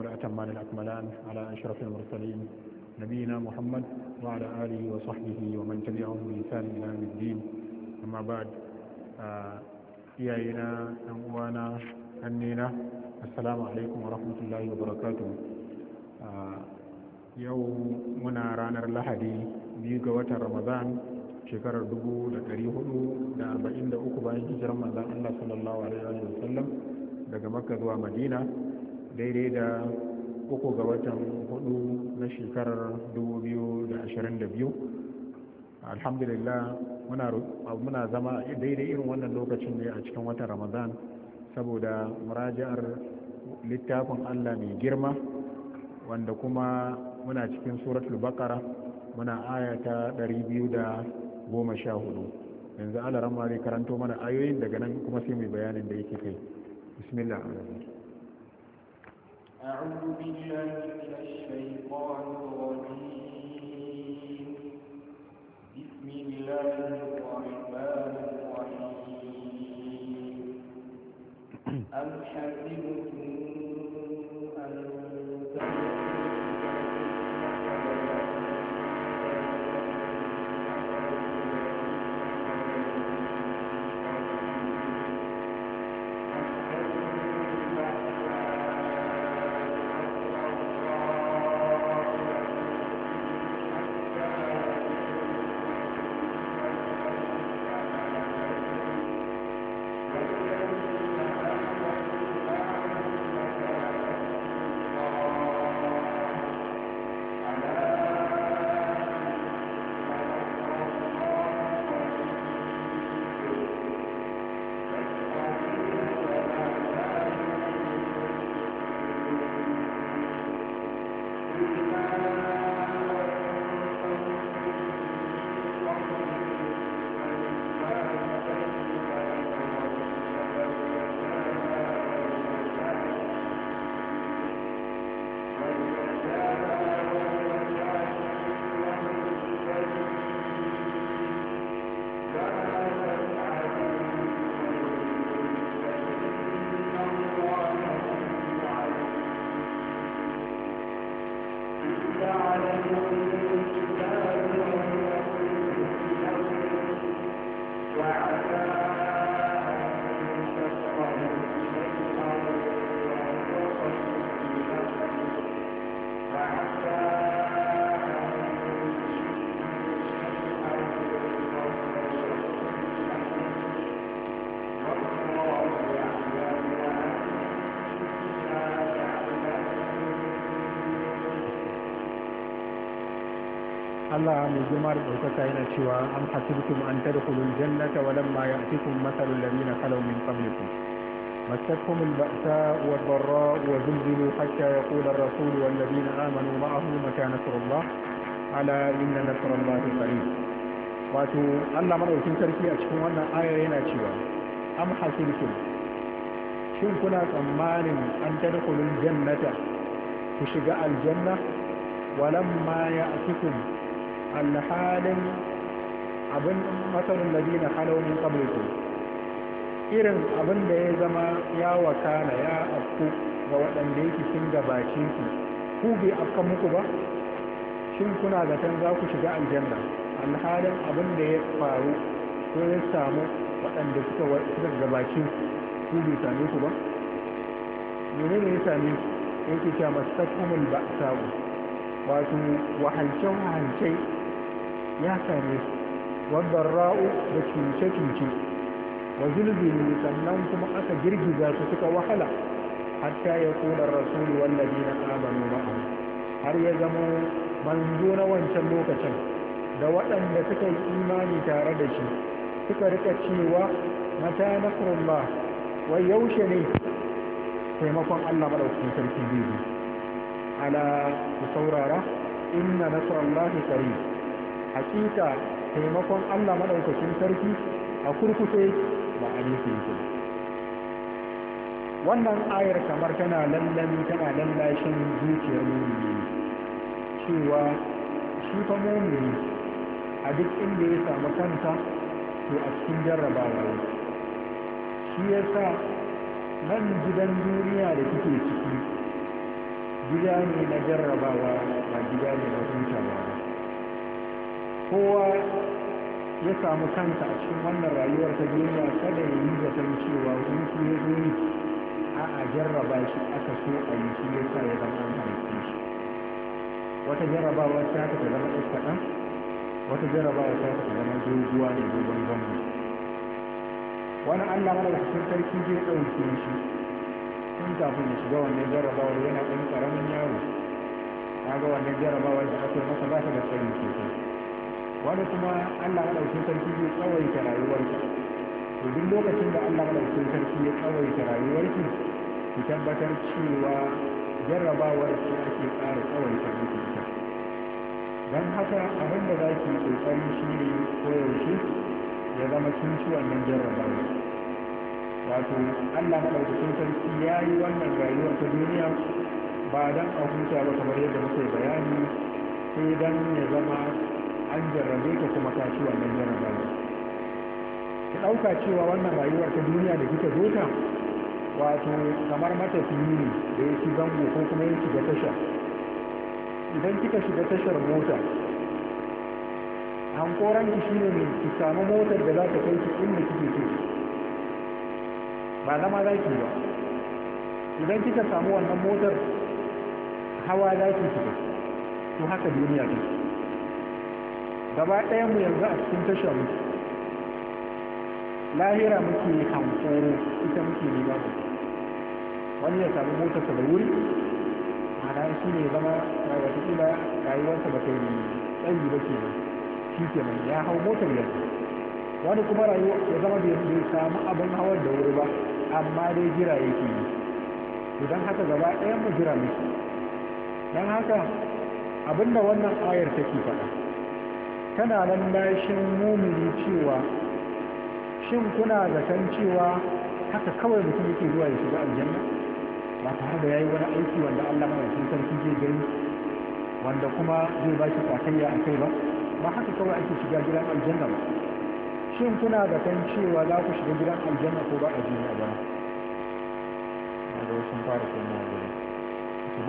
الأتمان الأكملان على أشرف المرسلين نبينا محمد وعلى آله وصحبه ومن تبعهم بإنسان إلى يوم الدين أما بعد إيائنا أموانا أنينا السلام عليكم ورحمة الله وبركاته yau muna ranar lahadi biyu ga watan ramadan shekarar 443 bayan hijirar manzan allah sallallahu alaihi wa sallam daga makka zuwa madina daidai da uku ga watan hudu na shekarar 2022 alhamdulillah muna zama daidai irin wannan lokacin ne a cikin watan ramadan saboda murajiyar littafin allah mai girma wanda kuma muna cikin suratul bakara muna ayata hudu, yanzu ala ramari karanto mana ayoyin daga nan kuma sai mai bayanin da yake kai bismillah أعوذ بالله من الشيطان الرجيم بسم الله الرحمن الرحيم أم حسبتم Thank you. Allah mai girma da ɗaukaka yana cewa an hasibtum an tadkhulul jannata wa lamma ya'tikum mathalul ladina khalaw min qablikum مستهم البأساء والضراء وزلزلوا حتى يقول الرسول والذين آمنوا معه متى نصر الله على إن نصر الله قريب wato Allah madaukakin sarki a cikin wannan ayar yana cewa am hasibtum shin kuna tsammanin an tadkhulul jannata ku shiga aljanna walamma alhalin abin matsalin ladina halaunin kabliku irin abin da ya zama ya wakana ya afku ga waɗanda yake sun gabace ku ku bai afka muku ba shin kuna zaton za ku shiga aljanna alhalin abin da ya faru ko ya samu waɗanda suka gabace ku bai same ku ba ne ya same ku yake cewa masu takumul ba'sa wato wahalce-wahalce ya same su wadar ra'u da cuce-cuce wa zulzulu sannan kuma aka girgiza su suka wahala hatta ya kula rasulu wallazi na amanu ma'ahu har ya zama manzo na wancan lokacin da waɗanda suka yi imani tare da shi suka rika cewa mata nasrullah wai yaushe ne taimakon Allah madaukakin sarki zai ala ku saurara inna nasrullahi qarib hakika taimakon Allah madaukakin sarki a kurkuce ba a nufi yake wannan ayar kamar tana lallami tana lallashin zuciyar mumini cewa shi fa mumini a duk inda ya samu kanta to a cikin jarrabawa ne shi yasa nan gidan duniya da kike ciki gida ne na jarrabawa ba gida ne na hutawa kowa ya samu kanta a cikin wannan rayuwar ta duniya kada ya yi zaton cewa su ya zo ne a a jarraba shi aka so a yi shi ya sa ya zama an halitta shi wata jarrabawa ta haka ta zama ɗan kaɗan wata jarrabawa ta haka ta zama doguwa da dogon gwamna wani allah da cikin sarki zai ɗauke shi tun kafin ya shiga wannan jarrabawar yana ɗan ƙaramin yaro ga wannan jarrabawar da aka yi masa ba ta da tsayin sosai wani kuma Allah madaukakin sarki zai tsawaita rayuwarki to duk lokacin da Allah madaukakin sarki ya tsawaita rayuwarki ki tabbatar cewa jarrabawar ki ake ƙara tsawaita miki ita don haka abin da za ki kokari shi ne koyaushe ya zama kin ci wannan jarrabawar wato Allah madaukakin sarki ya yi wannan rayuwar ta duniya ba don a huta ba kamar yadda muka bayani sai don ya zama an jarrabe ka kuma ta ci wannan ne ka ɗauka cewa wannan rayuwar ta duniya da kika zo ta wato kamar matafiyi ne da ya ci zango ko kuma ya shiga tasha idan kika shiga tashar mota koran ki shine ne ki samu motar da za ta kai ki inda kike so ba zama za ki ba idan kika samu wannan motar hawa za ki shiga to haka duniya take gaba ɗaya mu yanzu a cikin tashar muke lahira muke hamsin ita muke nema mu wani ya samu motarsa da wuri ma'ana shi ne zama watakila rayuwarsa ba ta yi tsayi ba ke shi ke nan ya hau motar yanzu wani kuma rayuwa ya zama bai samu abin hawar da wuri ba amma dai jira yake yi idan haka gaba ɗayan mu jira muke don haka abinda wannan ayar take faɗa Kana nan lashin mumini cewa shin kuna zaton cewa haka kawai mutum yake zuwa ya shiga aljanna ba tare da yayi wani aiki wanda Allah mai sarki zai gani wanda kuma zai ba shi kwatayya a kai ba ba haka kawai ake shiga gidan aljanna ba shin kuna da kan cewa za ku shiga gidan aljanna ko ba a jini a bana da wasu fara kuma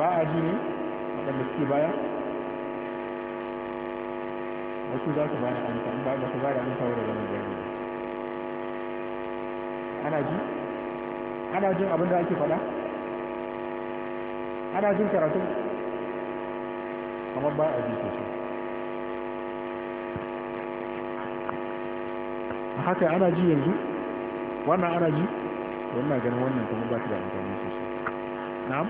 ba a jini waɗanda suke baya wasu za su ba amsa ba ba su ba da amsa da zaman ana ji ana jin abin da ake faɗa ana jin karatu kamar ba a ji sosai a haka ana ji yanzu wannan ana ji wannan ganin wannan kuma ba su da amfani sosai na'am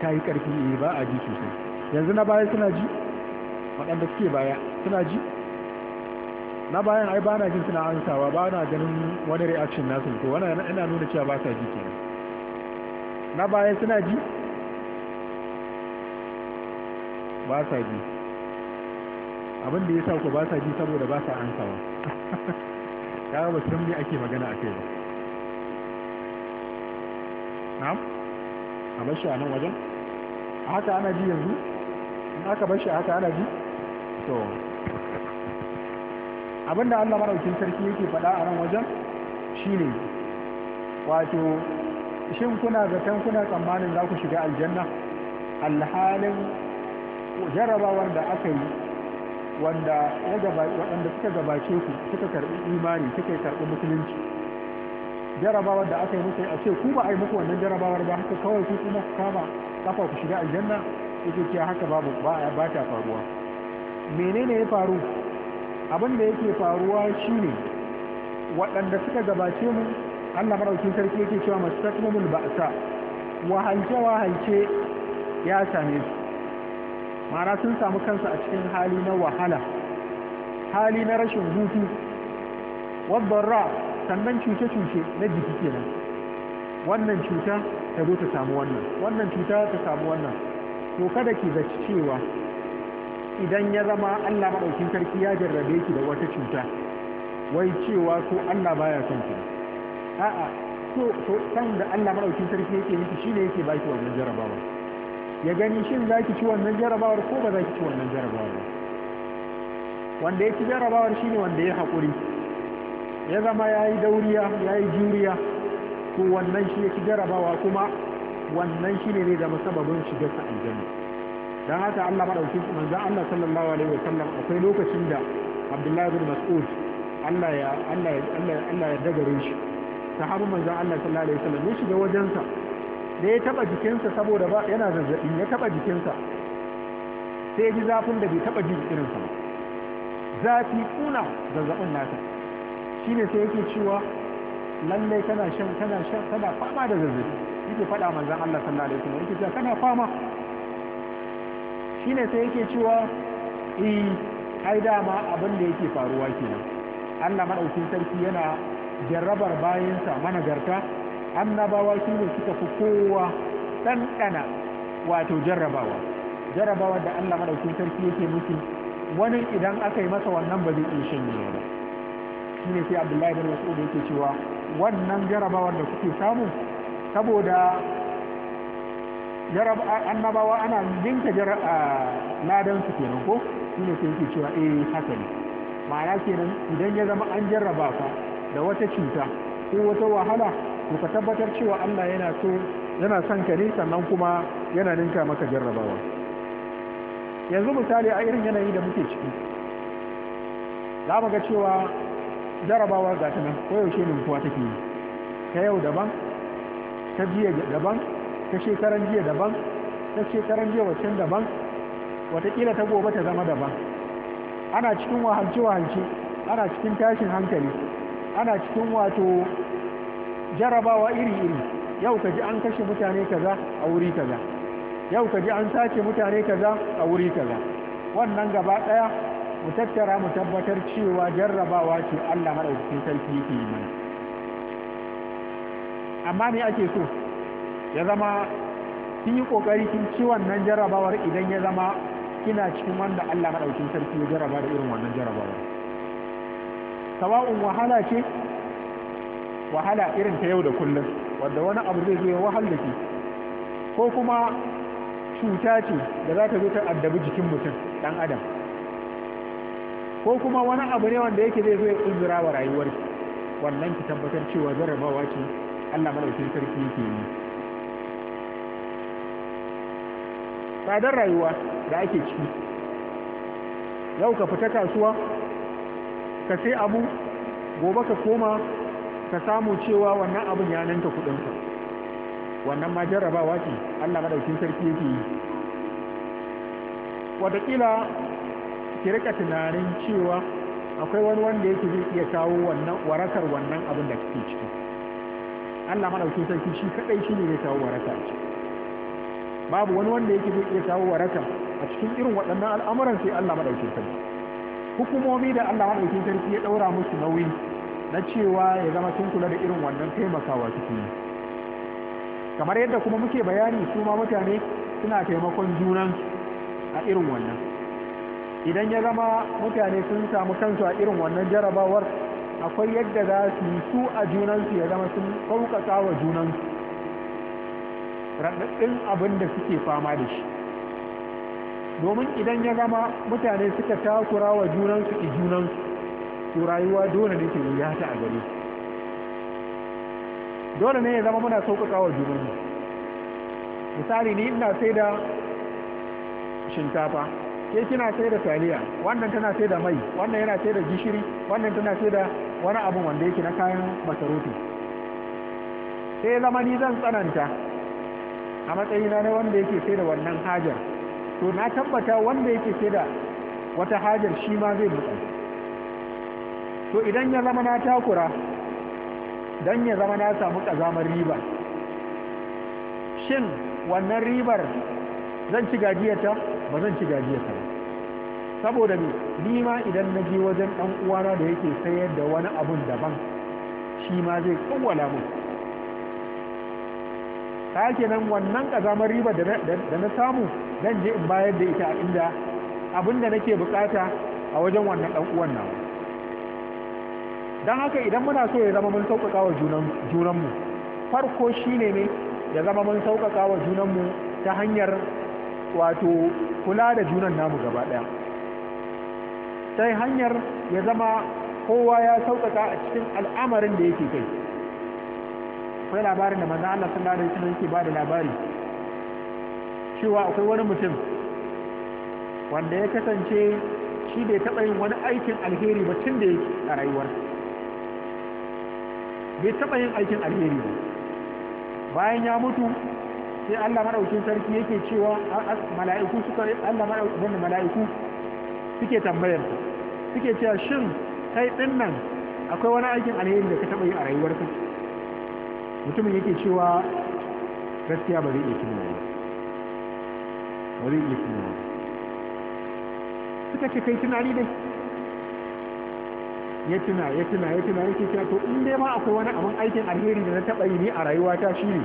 ta yi ƙarfi eh, ba a ji sosai yanzu na baya suna ji waɗanda suke baya suna ji na bayan ai ba na jin suna ansawa ba na ganin wani reaction nasu to wani yana nuna cewa ba sa ji kenan na bayan suna ji ba sa ji abin da ya sa ku ba sa ji saboda ba sa ansawa ya ba san me ake magana a kai ba na'am a bashi a nan wajen haka ana ji yanzu in aka bashi haka ana ji to abinda Allah maraukin sarki yake faɗa a nan wajen shine wato shin kuna zaton kuna tsammanin za ku shiga aljanna alhalin jarabawar da aka yi wanda waɗanda suka gabace ku suka karɓi imani suka karɓi musulunci jarabawar da aka yi musu a ce ku ba a yi muku wannan jarabawar ba haka kawai ku kuma kama kafa ku shiga aljanna yake cewa haka babu ba ta faruwa menene ya faru abin da yake faruwa shine waɗanda suka gabace mu Allah maraukin sarki yake cewa masu mastaqmul ba'sa wahalce wahalce ya same su Mara sun samu kansu a cikin hali na wahala hali na rashin hutu wadda sannan cuce-cuce na jiki kenan wannan cuta ta zo ta samu wannan wannan cuta ta samu wannan to kada ke zaci cewa idan ya zama Allah maɗaukin sarki ya jarrabe ki da wata cuta wai cewa ko Allah baya son ki a'a so so san da Allah maɗaukin sarki yake miki shine yake baki wannan jarrabawar. ya gani shin zaki ci wannan jarrabawar ko ba zaki ci wannan jarrabawar ba wanda ya ci jarrabawar shine wanda ya haƙuri ya zama ya yi dauriya ya yi juriya to wannan shi ya ci jarrabawa kuma wannan shine ne zama sababin shiga aljanna dan haka Allah madauki manzo Allah sallallahu alaihi wasallam akwai lokacin da Abdullahi bin Mas'ud Allah ya Allah ya Allah ya Allah ya dagare shi sahabu manzo Allah sallallahu alaihi wasallam ya shiga wajensa da ya taba jikinsa saboda ba yana zazzabi ya taba jikinsa sai ji zafin da bai taba jikinsa ba zafi kuna zazzabin nata shine sai yake cewa lallai kana shan kana shan kana fama da zazzabi yake faɗa manzon Allah sallallahu alaihi wasallam yake cewa kana fama ne sai yake cewa E, ai dama abin da yake faruwa ke nan. Allah madaukin sarki yana jarrabar bayansa managarta annabawa shi ne suka fi kowa ɗanɗana wato jarrabawa jarrabawa da Allah madaukin sarki yake musu wani idan aka yi masa wannan ba zai iya ne ba shi ne sai abdullahi bin mas'ud yake cewa wannan jarrabawar da kuke samu saboda jarab annabawa ana jinka ladan su kenan ko shine sai fi cewa eh haka ne ma'ana kenan idan ya zama an jarraba ka da wata cuta ko wata wahala to ka tabbatar cewa Allah yana so yana son ka ne sannan kuma yana ninka maka jarrabawa yanzu misali a irin yanayi da muke ciki za mu ga cewa jarrabawa ga ta nan koyaushe ninkuwa take yi ta yau daban ta jiya daban ta shekaran jiya daban ta shekaran jiya waccan daban watakila ta gobe ta zama daban ana cikin wahalci wahalci ana cikin tashin hankali ana cikin wato jarabawa iri iri yau ka ji an kashe mutane kaza a wuri kaza yau ka ji an sace mutane kaza a wuri kaza wannan gaba daya mu tattara mu tabbatar cewa jarrabawa ce Allah madaukakin sarki yake yi mana amma me ake so ya zama kin yi kokari kin ci wannan jarabawar idan ya zama kina cikin wanda Allah madaukin sarki ya jaraba da irin wannan jarabawar sawa'un wahala ce wahala irin ta yau da kullum Wadda wani abu zai zo ya wahal da ke ko kuma cuta ce da za ta zo ta addabi jikin mutum ɗan adam ko kuma wani abu ne wanda yake zai zo ya tsunzura wa rayuwar wannan ki tabbatar cewa jarabawa ce Allah madaukin sarki yake yi tsadar rayuwa da ake ciki yau ka fita kasuwa ka sai abu gobe ka koma ka samu cewa wannan abin ya nanta kudinka wannan ma jarrabawa ce allah maɗaukin sarki yake yi Wataƙila ki rika tunanin cewa akwai wani wanda yake zai iya kawo wannan warakar wannan abin da kake ciki Allah maɗaukin sarki shi kaɗai shi ne zai kawo warakar ciki babu wani wanda yake zai iya kawo waraka a cikin irin waɗannan al'amuran sai Allah madaukakin sarki hukumomi da Allah madaukakin sarki ya ɗaura musu nauyi na cewa ya zama sun kula da irin wannan taimakawa suke yi kamar yadda kuma muke bayani su ma mutane suna taimakon junan a irin wannan idan ya zama mutane sun samu kansu a irin wannan jarabawar akwai yadda za su yi su a junansu ya zama sun ƙauƙaƙa wa junansu Raɗaɗɗin abin da suke fama da shi domin idan ya zama mutane suka takura wa junansu ki junansu to rayuwa dole ne ke yi ta a gare dole ne ya zama muna sauƙaƙa wa junanmu misali ni ina sai da shinkafa ke kina sai da taliya wannan tana sai da mai wannan yana sai da gishiri wannan tana sai da wani abu wanda yake na kayan masarufi sai zama ni zan tsananta a matsayina na wanda yake sai da wannan hajar to na tabbata wanda yake sai da wata hajar shi ma zai mutu to idan ya zama na takura don ya zama na samu kazamar riba shin wannan ribar zan ci gajiyarta ba zan ci gajiyata ba saboda ne ni ma idan na je wajen ɗan uwana da yake sayar da wani abun daban shi ma zai kawwala mun ka nan, wannan ƙazamar riba da na samu zan je in bayar da ita a inda abin da nake bukata a wajen wannan ɗan uwan nawa don haka idan muna so ya zama mun sauƙaƙa wa junanmu farko shine ne ya zama mun sauƙaƙa wa junanmu ta hanyar wato kula da junan namu gaba ɗaya sai hanyar ya zama kowa ya sauƙaƙa a cikin al'amarin da yake kai akwai labarin da manzan Allah sallallahu alaihi wasallam yake ba da labari cewa akwai wani mutum wanda ya kasance shi bai taɓa yin wani aikin alheri ba tun da yake a rayuwar bai taɓa yin aikin alheri ba bayan ya mutu sai Allah madaukin sarki yake cewa mala'iku suka Allah madaukin mala'iku suke tambayar suke cewa shin kai ɗin nan akwai wani aikin alheri da ka taɓa yi a rayuwarka mutumin yake cewa gaskiya ba zai iya cin nawa ba zai iya cin nawa suka ce kai tunani dai ya tuna ya tuna ya tuna yake cewa to in dai ma akwai wani abin aikin alheri da na taɓa yi ni a rayuwata shi ne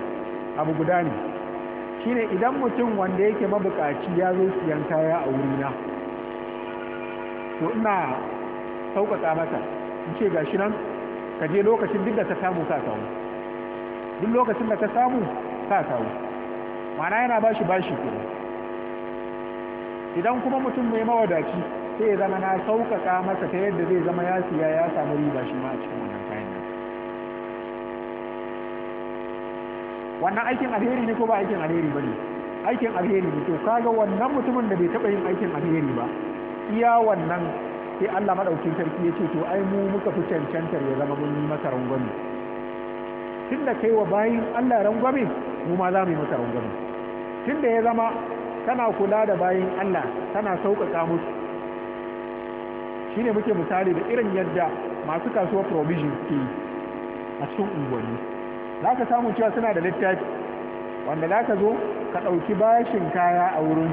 abu guda ne shine idan mutum wanda yake mabukaci ya zo siyan kaya a wuri na to ina sauƙaƙa mata in ce gashi nan ka je lokacin duk da ta samu ka samu duk lokacin da ka samu ka kawo mana yana ba bashi bashi kuma idan kuma mutum mai mawadaci sai ya zama na sauƙaƙa masa ta yadda zai zama ya siya ya samu riba shi ma a cikin wannan kayan nan wannan aikin alheri ne ko ba aikin alheri ba ne aikin alheri ne to kaga wannan mutumin da bai taɓa yin aikin alheri ba iya wannan sai Allah maɗaukin sarki ya ce to ai mu muka fi cancantar ya zama mun yi masa rangwani tun da kai wa bayin Allah rangwame mu ma za mu yi mata rangwame tun da ya zama kana kula da bayin Allah kana sauƙaƙa musu Shi ne muke misali da irin yadda masu kasuwar provision ke a cikin unguwanni za ka samu cewa suna da littafi wanda za ka zo ka ɗauki bashin kaya a wurin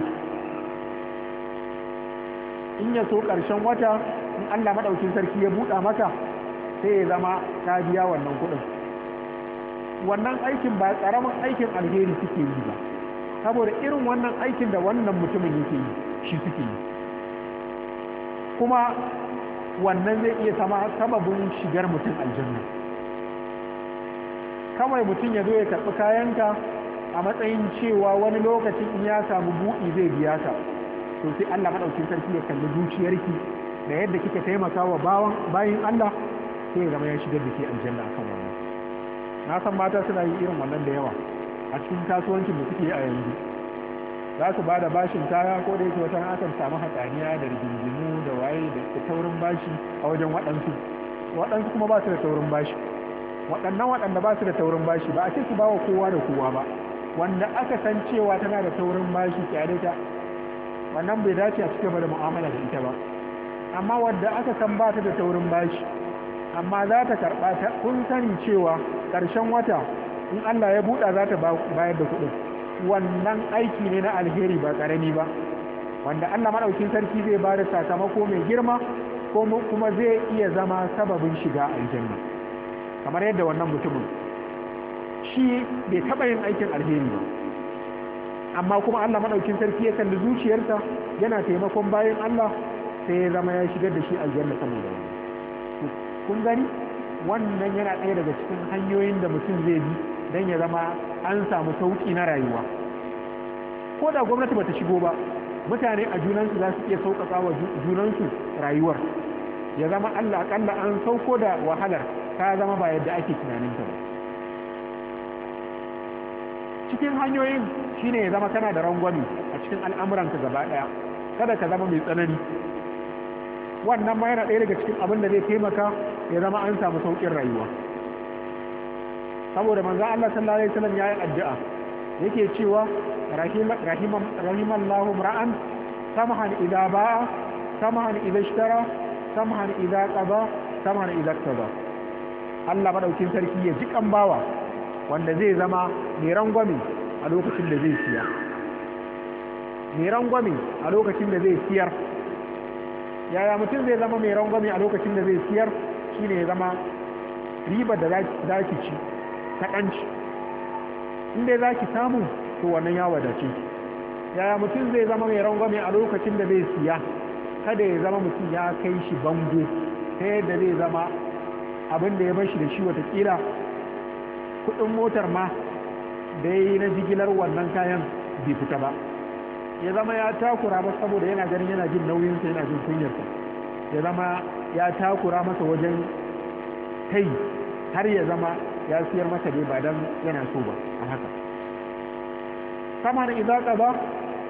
in ya so ƙarshen wata in Allah maɗaukin sarki ya buɗa maka sai ya zama ta biya wannan kuɗin wannan aikin ba karamin aikin alheri suke yi ba saboda irin wannan aikin da wannan mutumin yake yi shi suke yi kuma wannan zai iya sama sababin shigar mutum aljanna kawai mutum ya zo ya karɓi kayanka a matsayin cewa wani lokacin in ya samu buɗi zai biya ka to sai Allah maɗaukin sarki ya kalli zuciyarki da yadda kika taimaka wa bayin Allah sai ya zama ya shigar da ke aljanna akan wannan na san mata suna yi irin wannan da yawa a cikin kasuwancin da suke a yanzu za su ba da bashin kaya ko da yake wata akan samu hatsaniya da rigingimu da waye da taurin bashi a wajen waɗansu waɗansu kuma ba su da taurin bashi waɗannan waɗanda ba su da taurin bashi ba a ce su ba wa kowa da kowa ba wanda aka san cewa tana da taurin bashi tare ta wannan bai dace a cikin da mu'amala da ita ba amma wadda aka san ba ta da taurin bashi amma za ta karɓa kun sani cewa ƙarshen wata in Allah ya buɗa za ta bayar da kuɗin wannan aiki ne na alheri ba ƙarami ba wanda Allah maɗaukin sarki zai ba da sakamako mai girma ko kuma zai iya zama sababin shiga aljanna kamar yadda wannan mutumin shi bai taɓa yin aikin alheri ba amma kuma Allah maɗaukin sarki ya kalli zuciyarsa yana taimakon bayan Allah sai ya zama ya shigar da shi aljanna saboda wannan kun gani wannan yana ɗaya daga cikin hanyoyin da mutum zai bi don ya zama an samu sauƙi na rayuwa ko da gwamnati ba ta shigo ba mutane a junansu za su iya sauƙaƙa wa junansu rayuwar ya zama allah aƙalla an sauko da wahalar ta zama ba yadda ake tunaninta ba cikin hanyoyin shine ya zama kana da rangwami a cikin al'amuranka gaba ɗaya kada ka zama mai tsanani wannan ma yana ɗaya daga cikin abin da zai taimaka ya zama an samu sauƙin rayuwa saboda manzo Allah sallallahu alaihi wasallam yayi addu'a yake cewa rahiman rahimallahu ra'an samahan idza ba'a samahan idza ishtara samahan idza qada samahan idza qada Allah madaukin sarki ya ji kan bawa wanda zai zama mai rangwame a lokacin da zai siya mai rangwame a lokacin da zai siyar yaya mutum zai zama mai rangwame a lokacin da zai siyar shine ya zama riba da za ki ci ta ƙanci in dai za ki samu to wannan ya wadace yaya mutum zai zama mai rangwame a lokacin da zai siya kada ya zama mutum ya kai shi bango ta yadda zai zama abin da ya bashi da shi watakila kuɗin motar ma da ya yi na jigilar wannan kayan bai fita ba ya zama ya takura masa saboda yana ganin yana jin nauyinsa yana jin kunyarsa ya zama ya takura masa wajen kai har ya zama ya siyar masa dai ba dan yana so ba a haka kamar idan ba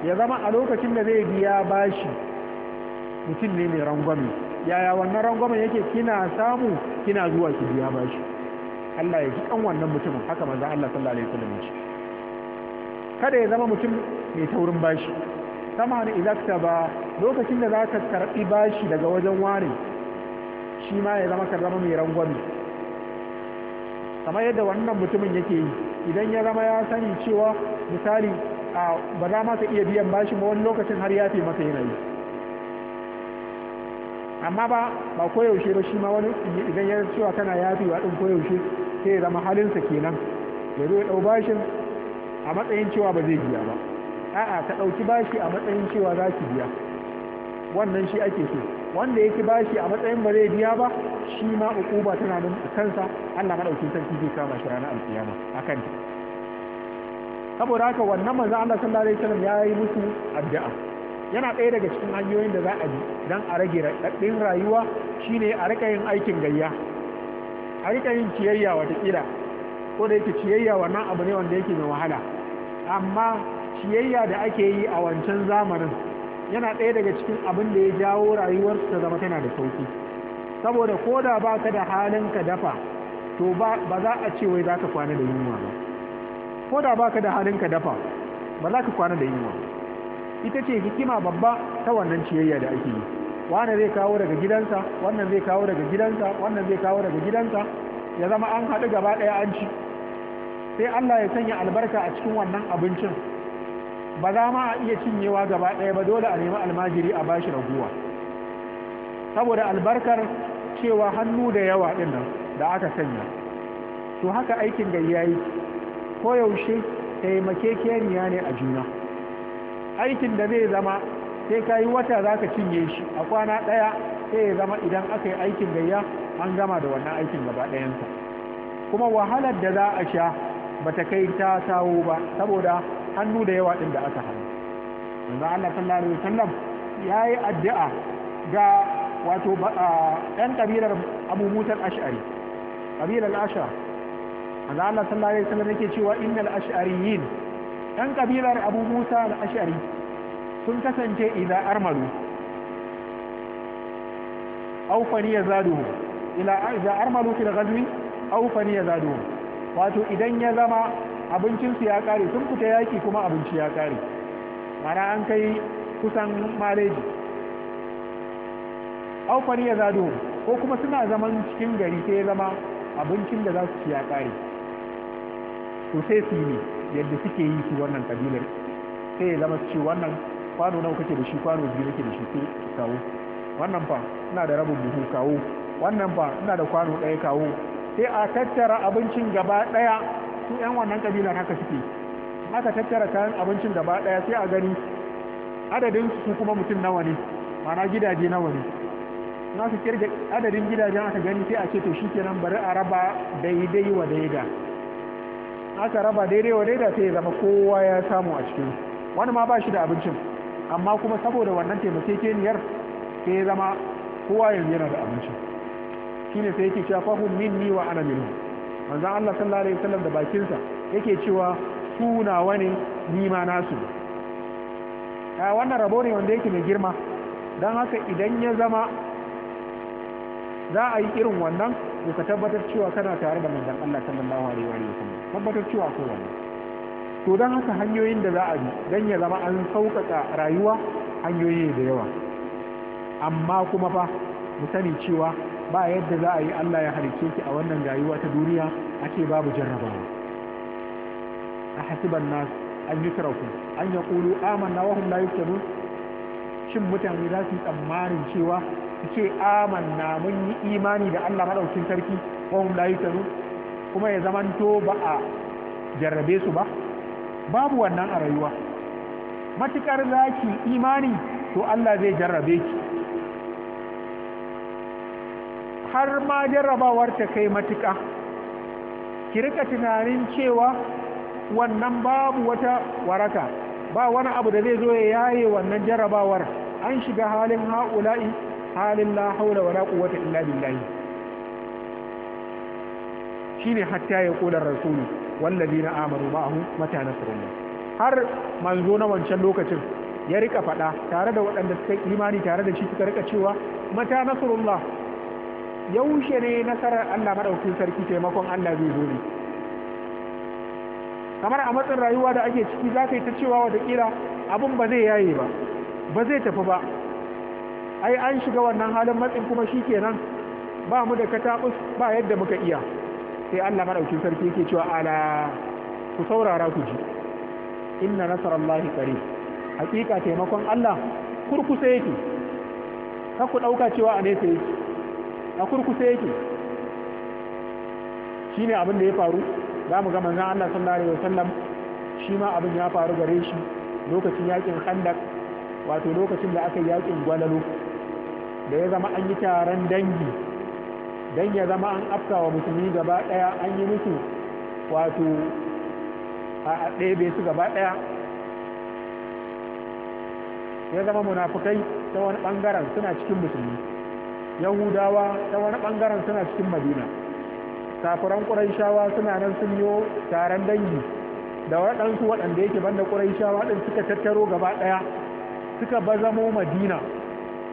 ya zama a lokacin da zai biya bashi mutum ne mai rangwame yaya wannan rangwamen yake kina samu kina zuwa ki biya bashi Allah ya ji kan wannan mutumin haka manzo Allah sallallahu alaihi wasallam ya ce kada ya zama mutum mai taurin bashi sama da izakta ba lokacin da za ka karɓi bashi daga wajen ware shi ma ya zama ka zama mai rangwami kamar yadda wannan mutumin yake yi idan ya zama ya sani cewa misali a ba za masa iya biyan bashi ba wani lokacin har ya fi masa yanayi amma ba ba koyaushe ba shi ma wani idan ya cewa kana yafewa wa ɗin koyaushe sai ya zama halinsa kenan ya zo ya ɗau bashin a matsayin cewa ba zai biya ba a'a ka ɗauki bashi a matsayin cewa za ki biya wannan shi ake so wanda yake bashi a matsayin ba zai biya ba shi ma ukuba tana nan a kansa Allah dauki sarki zai kama shi ranar alkiyama a ta. saboda haka wannan manzo Allah sallallahu alaihi wasallam ya yi musu addu'a yana ɗaya daga cikin hanyoyin da za a bi don a rage raɗaɗɗin rayuwa shine a rika yin aikin gayya a rika yin ciyayya wata kila ko da yake ciyayya wannan abu ne wanda yake mai wahala amma ciyayya da ake yi a wancan zamanin yana ɗaya daga cikin abin da ya jawo rayuwar ta zama tana da sauki saboda ko da ba ka da halin ka dafa to ba za a ce wai za ka kwana da yunwa ba ko da ba ka da halin ka dafa ba za ka kwana da yunwa ita ce hikima babba ta wannan ciyayya da ake yi wannan zai kawo daga gidansa wannan zai kawo daga gidansa wannan zai kawo daga gidansa ya zama an haɗu gaba ɗaya an ci sai Allah ya sanya albarka a cikin wannan abincin ba za ma a iya cinyewa gaba ɗaya ba dole a nemi almajiri a bashi raguwa saboda albarkar cewa hannu da yawa ɗin da aka sanya to haka aikin da ya yi koyaushe taimakekeniya ne a juna aikin da zai zama sai ka yi wata za ka cinye shi a kwana ɗaya sai ya zama idan aka yi aikin gayya an gama da wannan aikin gaba ɗayansa kuma wahalar da za a sha bata kai ta tawo ba saboda hannu da yawa din da aka hannu yanzu Allah sallallahu alaihi wasallam yayi addu'a ga wato ɗan kabilar Abu Musa al-Ash'ari kabilar al-Ash'ar manzo Allah sallallahu alaihi wasallam yake cewa innal ash'ariyin ɗan kabilar Abu Musa al-Ash'ari sun kasance idza armalu aw fani yazaduhum ila aiza armalu fil ghazwi aw fani yazaduhum wato idan ya zama abincinsu ya kare sun fita yaki kuma abinci ya kare mana an kai kusan maleji aufari ya zado ko kuma suna zaman cikin gari sai ya zama abincin da za su ci ya kare to sai su ne yadda suke yi su wannan kabilar sai ya zama su ce wannan kwano nawa kake da shi kwano biyu nake da shi sai kawo wannan fa ina da rabin buhu kawo wannan fa ina da kwano ɗaya kawo sai a tattara abincin gaba ɗaya su 'yan wannan kabilar haka suke aka tattara kayan abincin gaba ɗaya sai a gani adadin su kuma mutum nawa ne mana gidaje nawa ne na su kirga adadin gidajen aka gani sai a ce to shikenan bari a raba daidai wa daida aka raba daidai wa daida sai ya zama kowa ya samu a cikin wani ma ba shi da abincin amma kuma saboda wannan taimakekeniyar sai ya zama kowa yanzu yana da abincin shine sai yake cewa fahum minni wa ana minhu manzo Allah sallallahu alaihi wasallam da bakin bakinsa yake cewa su na wani ni ma nasu a wannan rabo ne wanda yake mai girma don haka idan ya zama za a yi irin wannan to ka tabbatar cewa kana tare da manzon Allah sallallahu alaihi wa sallam tabbatar cewa ko wannan to don haka hanyoyin da za a bi dan ya zama an sauƙaƙa rayuwa hanyoyi da yawa amma kuma fa mu sani cewa ba yadda za a yi Allah ya halice ki a wannan rayuwa ta duniya a babu jarrabawa a hasiban nas an yi tarafu an ya ƙulu amanna na wahun layu shin mutane za su yi tsammanin cewa su ce amanna mun yi imani da Allah maɗaukin sarki wahun layu la kuma ya to ba a jarrabe su ba babu wannan a rayuwa Matuƙar za ki imani to Allah zai jarrabe ki har ma jarrabawar ta kai matuƙa ki rika tunanin cewa wannan babu wata waraka ba wani abu da zai zo ya yaye wannan jarrabawar an shiga halin ha'ula'i halin la haula wala quwwata illa billah shine hatta ya kula rasulu wallazina amanu ma'ahu mata nasrullah har manzo na wancan lokacin ya rika faɗa tare da waɗanda suka imani tare da shi suka rika cewa mata nasrullah Ya yaushe ne nasarar Allah madaukakin sarki taimakon Allah zai zo ne kamar a matsin rayuwa da ake ciki za ka yi ta cewa kira abin ba zai yaye ba ba zai tafi ba ai an shiga wannan halin matsin kuma shi kenan ba mu da kataɓus ba yadda muka iya sai Allah madaukakin sarki yake cewa ala ku saurara ku ji inna Allah Kare hakika taimakon Allah kurkusa yake ka ku ɗauka cewa a nesa yake a kurkusa yake shi ne abin da ya faru za mu ga manzan Allah sallallahu alaihi wasallam shi ma abin ya faru gare shi lokacin yakin handak wato lokacin da aka yi yakin gwalalo da ya zama an yi taron dangi dan ya zama an afka wa musulmi gaba daya an yi musu wato a ɗebe su gaba daya ya zama munafukai ta wani ɓangaren suna cikin musulmi yahudawa ta wani bangaren suna cikin madina kafiran ƙuraishawa suna nan sun yi taron dangi da waɗansu waɗanda yake banda ƙuraishawa ɗin suka tattaro gaba ɗaya suka bazamo madina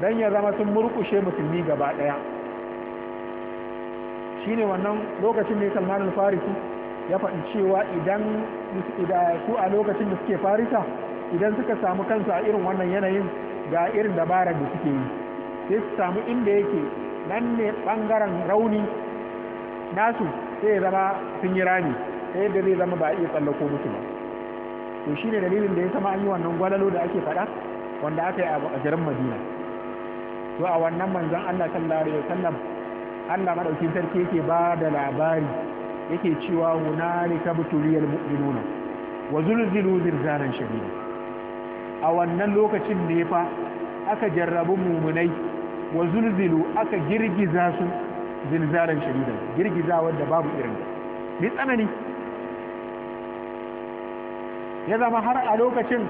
don ya zama sun murkushe musulmi gaba ɗaya shi ne wannan lokacin ne salman farisi ya faɗi cewa idan su a lokacin da suke farisa idan suka samu kansu a irin wannan yanayin ga irin dabarar da suke yi sai su samu inda yake nan ne ɓangaren rauni nasu sai ya zama sun yi rami ta yadda zai zama ba a iya tsallako musu ba to shi ne dalilin da ya sama an yi wannan gwalalo da ake faɗa wanda aka yi a jiran madina to a wannan manzon allah sallallahu alaihi wasallam allah maɗaukin sarki yake ba da labari yake cewa ka buturiyar mu'minuna wa zulzilu zirzanan shahidi a wannan lokacin ne fa aka jarrabu mumunai wa zulzilu aka girgiza su zilzalan shirida girgiza wanda babu irin mai tsanani ya zama har a lokacin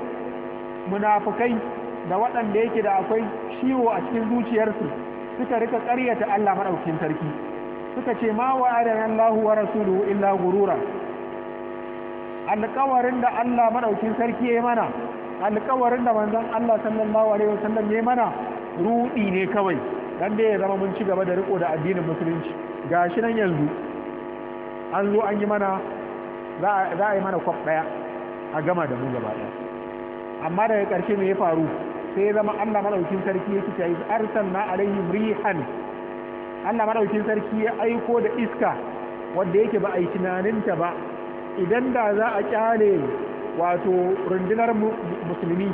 munafukai da waɗanda yake da akwai ciwo a cikin zuciyarsu suka rika ƙaryata Allah maɗaukin sarki suka ce ma wa adanan lahu wa rasuluhu illa gurura alƙawarin da Allah maɗaukin sarki ya mana alƙawarin da manzon Allah sallallahu alaihi wasallam ya mana rudi ne kawai dan da ya zama mun ci gaba da riko da addinin musulunci gashi nan yanzu an zo an yi mana za a yi mana kwaf ɗaya a gama da mu gaba daya amma daga karshe me ya faru sai ya zama Allah maɗaukin sarki ya yi. ayyuka na alaihi rihan Allah maɗaukin sarki ya aiko da iska wanda yake ba a yi tunaninta ba idan da za a kyale wato rundunar musulmi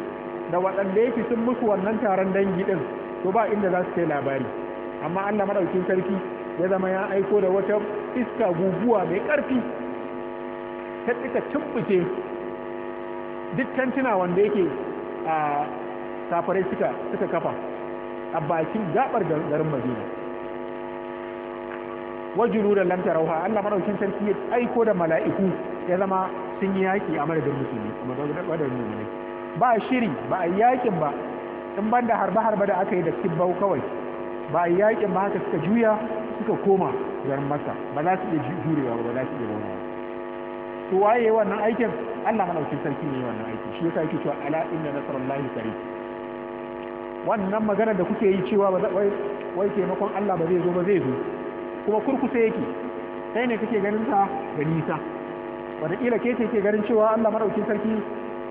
da waɗanda yake sun musu wannan taron dangi ɗin to ba inda za su kai labari amma allah maɗaukin sarki ya zama ya aiko da wata iska guguwa mai ƙarfi ta tsika cimbuce duk tantuna wanda yake a safarai suka kafa a bakin gabar garin madina wajuru da lanta rauha allah maɗaukin sarki ya aiko da mala'iku ya zama sun yi yaƙi a madadin musulmi ba shiri ba a yakin ba in banda harba-harba da aka yi da kibbau kawai ba a yakin ba haka suka juya suka koma garin masa ba za su iya jurewa ba za su iya rauna to waye wannan aikin Allah malaukin sarki ne wannan aiki shi yasa yake cewa ala inna nasrullahi qarib wannan magana da kuke yi cewa ba wai wai taimakon Allah ba zai zo ba zai zo kuma kurkusa yake sai ne kake ganin sa da nisa wataƙila ke ce ke ganin cewa Allah malaukin sarki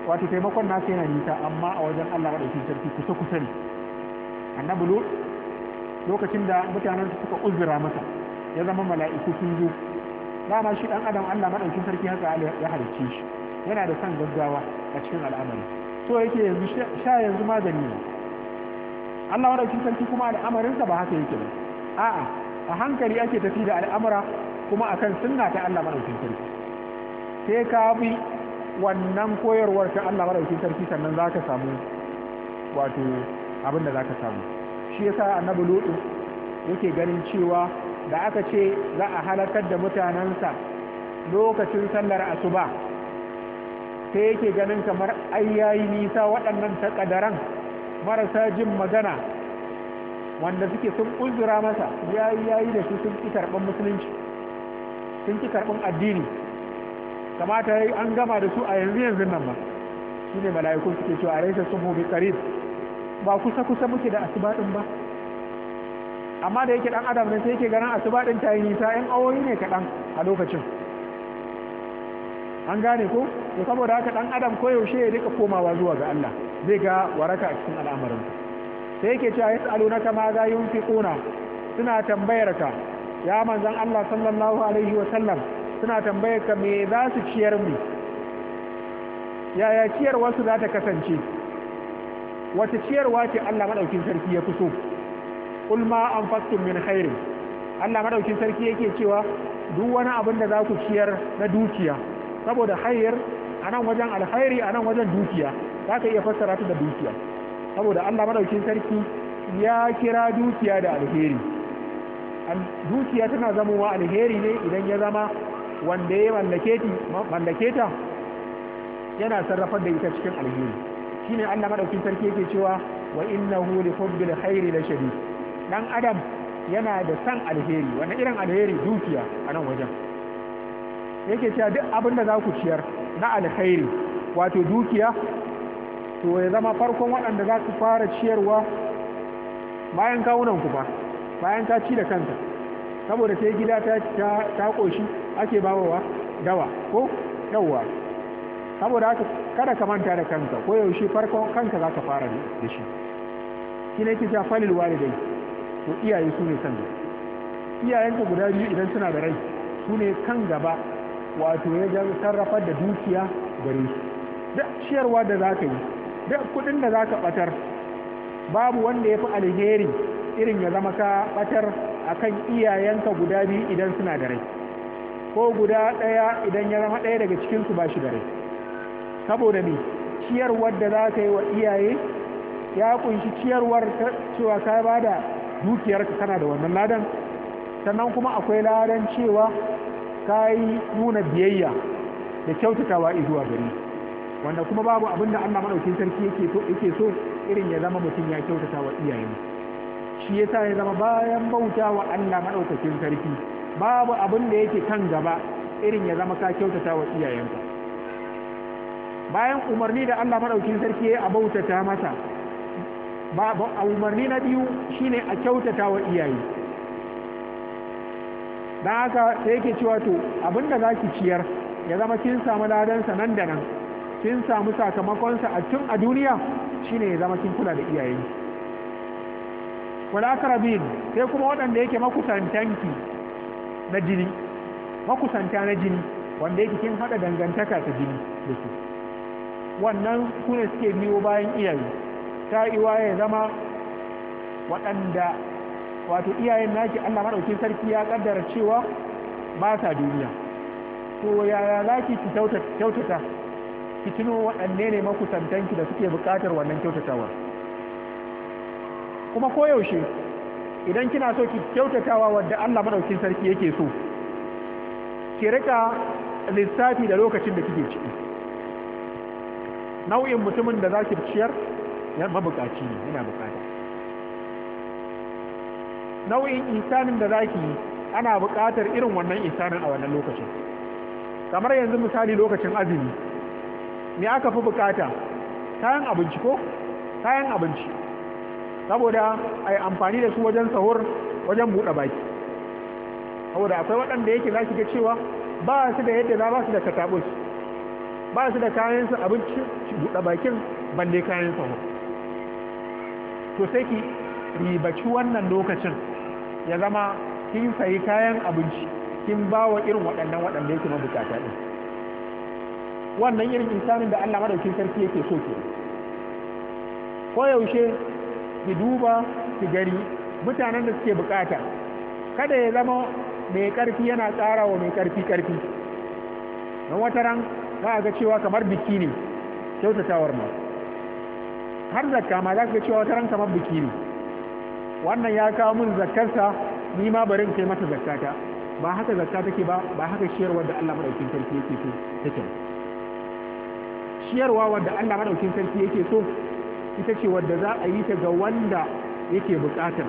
wato taimakon nasu yana nisa amma a wajen Allah maɗaukin sarki kusa kusa ne annabi lut lokacin da mutanen su suka uzura masa ya zama mala'iku sun zo dama shi dan adam Allah maɗaukin sarki haka ya halicce shi yana da san gaggawa a cikin al'amari so yake yanzu sha yanzu magani ne Allah maɗaukin sarki kuma al'amarinsa ba haka yake ba a'a a hankali ake tafi da al'amara kuma akan sunna ta Allah maɗaukin sarki sai ka bi wannan koyarwar ta Allah madaukakin sarki sannan za ka samu wato abinda za ka samu shi yasa annabi lutu yake ganin cewa da aka ce za a halakar da mutanensa lokacin sallar asuba sai yake ganin kamar ai yayi nisa waɗannan takadaran marasa jin magana wanda suke sun uzura masa yayi yayi da su sun ki karɓar musulunci sun ki karɓar addini kamata ya yi an gama da su a yanzu yanzu nan ba ne mala'iku suke cewa alaysa sun hobi tsari ba kusa kusa muke da asibad'in ba amma da yake dan adam ne sai yake ganin asibadin ta yi nisa yan awoyi ne kaɗan a lokacin an gane ko to saboda haka dan adam ko yaushe ya rika komawa zuwa ga Allah zai ga waraka a cikin al'amarin sai yake cewa kama ma yunfi yunfiquna suna tambayar ka ya manzon Allah sallallahu alaihi wa sallam suna tambayar ka me za su ciyar mu yaya ciyar ciyarwarsu za ta kasance wata ciyarwa ce Allah madaukin sarki ya fi so kul ma min khairi Allah madaukin sarki yake cewa duk wani abin da za ku ciyar na dukiya saboda hayar a nan wajen alkhairi a wajen dukiya za ka iya fassara ta da dukiya saboda allah madaukin sarki ya kira dukiya da alheri dukiya tana zamowa alheri ne idan ya zama wanda ya yi mallaketa yana sarrafar da ita cikin alheri shine Allah madaukin sarki yake cewa wa innahu li hubbil khairi la shadid dan adam yana da san alheri wani irin alheri dukiya a nan wajen yake cewa duk abin da za ku ciyar na alheri wato dukiya to ya zama farkon waɗanda za ku fara ciyarwa bayan kawunan ku ba bayan ka ci da kanta saboda sai gida ta ta koshi ake babawa dawa ko yawwa saboda haka kada ka manta da kanka ko yaushe farkon kanka za ka fara da shi shi ne ke falil walidai to iyaye su ne kan gaba iyayenka guda biyu idan suna da rai su ne kan gaba wato ya jan sarrafar da dukiya gare su da ciyarwa da za ka yi da kudin da za ka batar babu wanda ya fi alheri irin ya zama ka batar akan iyayenka guda biyu idan suna da rai ko guda ɗaya idan ya zama ɗaya daga cikinsu ba shi da rai saboda me ciyarwar da za ka yi wa iyaye ya ƙunshi ciyarwar cewa ka ba da dukiyarka kana da wannan ladan sannan kuma akwai ladan cewa ka yi nuna biyayya da kyautatawa izuwa gari wanda kuma babu abin da allah maɗaukin sarki yake so irin ya zama mutum ya kyautata wa iyayen shi ya sa ya zama bayan bauta wa allah maɗaukakin sarki babu abin da yake kan gaba irin ya zama ka kyautata wa iyayenka bayan umarni da Allah maɗaukin sarki ya bautata masa babu umarni na biyu shine a kyautata wa iyaye dan haka sai yake cewa to abin da za ciyar ya zama kin samu ladansa nan da nan kin samu sakamakonsa a tun a duniya shine ya zama kin kula da iyaye wala karabin sai kuma waɗanda yake makusantanki na jini makusanta na jini wanda yake kin haɗa dangantaka ta jini da su wannan kuna suke biyo bayan iyaye ta iwa ya zama waɗanda wato iyayen naki allah maɗaukin sarki ya ƙaddara cewa ba sa duniya to yaya za ki kyautata ki tuno waɗanne ne makusantanki da suke buƙatar wannan kyautatawar kuma koyaushe idan kina so ki kyautatawa wadda Allah madaukin sarki yake so ki rika lissafi da lokacin da kike ciki nau'in mutumin da zaki ciyar ya mabukaci ne yana bukata nau'in insanin da zaki ana bukatar irin wannan insanin a wannan lokacin kamar yanzu misali lokacin azumi me aka fi bukata kayan abinci ko kayan abinci saboda a yi amfani da su wajen sahur wajen buɗe baki saboda akwai waɗanda yake za su ga cewa ba su da yadda za ba su da kataɓo ba su da kayan su abinci buɗe bakin balle kayan sahur to sai ki ribaci wannan lokacin ya zama kin sayi kayan abinci kin ba wa irin waɗannan waɗanda yake mabukata ɗin wannan irin insanin da Allah madaukin sarki yake so ke koyaushe ki duba ki gari mutanen da suke bukata kada ya zama mai karfi yana tsara wa mai karfi karfi don wata ran za a ga cewa kamar biki ne kyautatawar ma har zakka ma za ka ga cewa wata ran kamar biki ne wannan ya kawo min zakkarsa ni ma bari in kai mata zakkata ba haka zakka take ba ba haka shiyarwa da Allah madaukin sarki yake so take shiyarwa wanda Allah madaukin sarki yake so ita ce wadda za a yi ta ga wanda yake bukatar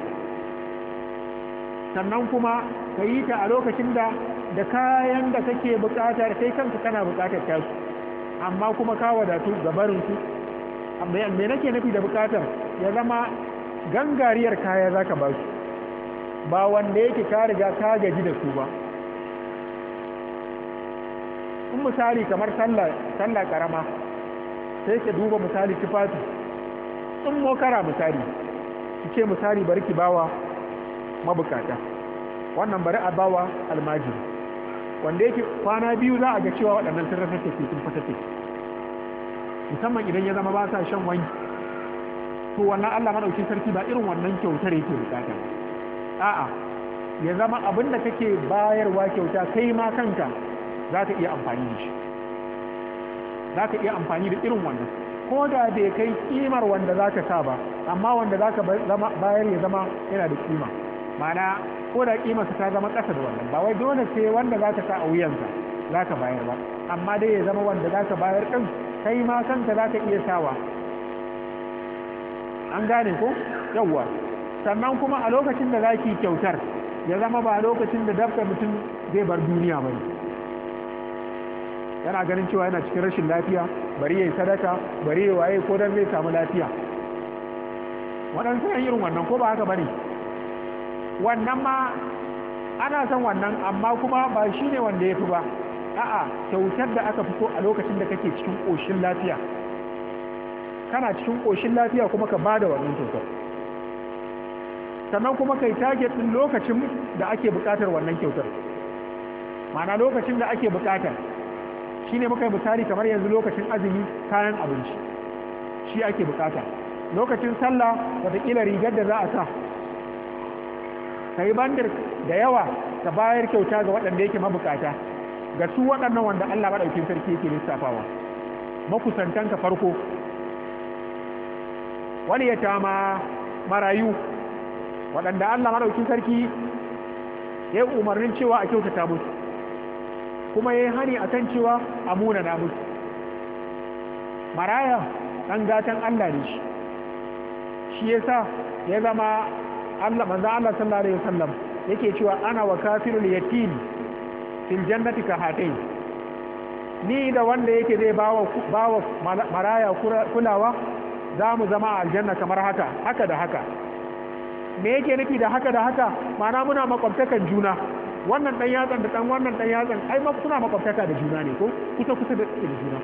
sannan kuma ka yi ta a lokacin da da kayan da kake bukatar kai kanka kana bukatar tasu amma kuma ka wadatu gabarinsu mai nake nufi da bukatar ya zama gangariyar kaya za ka ba su ba wanda yake ka riga ka gaji da su ba in misali kamar sallah karama sai ka duba misali tufafi tsummo kara misali ki ce misali bari ki bawa mabukata wannan bari a bawa almajiri wanda yake kwana biyu za a ga cewa waɗannan sun rasa tafi sun fata tafi musamman idan ya zama ba sa shan wani to wannan Allah maɗauki sarki ba irin wannan kyautar yake bukata a'a ya zama abin da kake bayarwa kyauta kai ma kanka za ka iya amfani da shi za ka iya amfani da irin wannan ko da bai kai kimar wanda za ka sa ba amma wanda za ka bayar ya zama yana da kima mana ko da kimarsa ta zama ƙasa da wannan ba wai dole sai wanda za ka sa a wuyansa za ka bayar ba amma dai ya zama wanda za ka bayar ɗin kai ma kanka za ka iya sawa an gane ko yawwa sannan kuma a lokacin da za ki kyautar ya zama ba lokacin da dabta mutum zai bar duniya ba ne yana ganin cewa yana cikin rashin lafiya bari yayi sadaka bari ya waye ko dan zai samu lafiya waɗansu sai irin wannan ko ba haka bane wannan ma ana son wannan amma kuma ba shi ne wanda ya fi ba a'a kyautar da aka fito a lokacin da kake cikin koshin lafiya kana cikin koshin lafiya kuma ka bada wannan kyautar sannan kuma kai target ɗin lokacin da ake buƙatar wannan kyautar ma'ana lokacin da ake buƙatar Shi ne muka yi misali kamar yanzu lokacin azumi kayan abinci shi ake bukata lokacin sallah watakila rigar da za a sa ka yi bandar da yawa ka bayar kyauta ga waɗanda yake mabukata ga su waɗannan wanda Allah maɗaukin sarki yake lissafawa makusantanka farko wani ya tama marayu waɗanda Allah maɗaukin sarki ya yi umarnin cewa a kyautata musu kuma ya yi hani a kan cewa amuna na mutu maraya ɗan gatan Allah ne shi shi ya sa ya zama Allah manzo Allah sallallahu alaihi wasallam yake cewa ana wa kafirul yatim fil jannati ka haɗe. ni da wanda yake zai bawa bawa maraya kulawa za mu zama a aljanna kamar haka haka da haka me yake nufi da haka da haka mana muna makwabtakan juna wannan dan yatsan da dan wannan dan yatsan ai ma suna makwabtaka da juna ne ko kusa kusa da da juna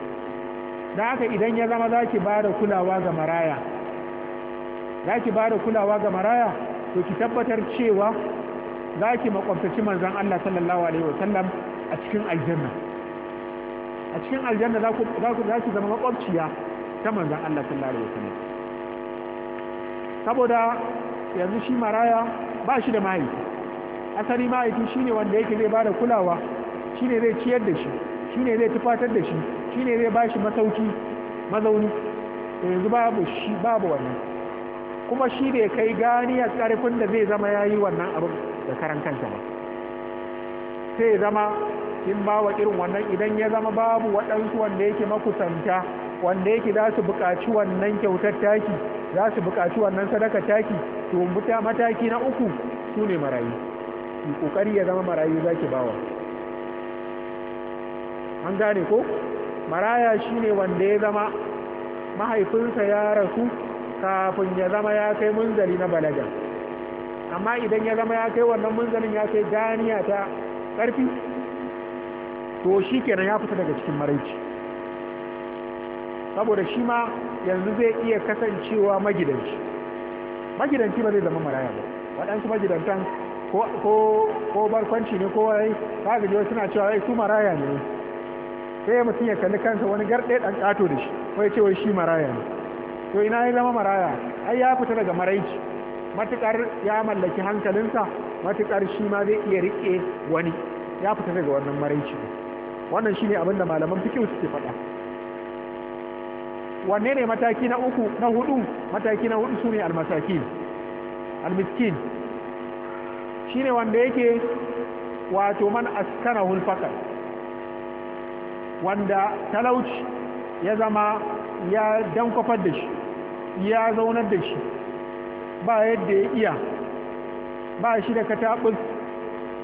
da haka idan ya zama zaki ba da kulawa ga maraya zaki ba da kulawa ga maraya to ki tabbatar cewa zaki makwabtaci manzon Allah sallallahu alaihi wasallam a cikin aljanna a cikin aljanna za ku za ku zama makwabciya ta manzon Allah sallallahu alaihi wasallam saboda yanzu shi maraya ba shi da mahaifi asali mahaifi shine wanda yake zai bada kulawa shine zai ciyar da shi shine zai tufatar da shi shine zai ba shi masauki mazauni yanzu babu shi babu wannan kuma shi ne kai ganiyar karfin da zai zama ya yi wannan abin da karan kanta ba sai zama in ba wa irin wannan idan ya zama babu waɗansu wanda yake makusanta wanda yake za su buƙaci wannan kyautar taki za su buƙaci wannan sadaka taki to mataki na uku su ne marayu ki kokari ya zama marayu zaki bawa an gane ko maraya shine wanda ya zama mahaifinsa ya rasu kafin ya zama ya kai munzali na balaga amma idan ya zama ya kai wannan munzalin ya kai ganiya ta karfi to shi kenan ya fita daga cikin maraici saboda shi ma yanzu zai iya kasancewa magidanci magidanci ba zai zama maraya ba waɗansu magidantan ko barkwanci ne ko wai ba ga suna cewa su maraya ne sai ya mutum ya kalli kansa wani garɗe ɗan ƙato da shi ko ya ce wai shi maraya ne to ina ya zama maraya ai ya fita daga maraici Matuƙar ya mallaki hankalinsa matuƙar shi ma zai iya riƙe wani ya fita daga wannan maraici wannan shine abin da malaman fikihu suke faɗa wanne ne mataki na uku na hudu mataki na hudu sune almasakin almiskin Shi ne wanda yake wato man askana hulfakar wanda talauci ya zama ya dankwafar da shi ya zaunar da shi ba yadda ya iya ba shi da kataɓin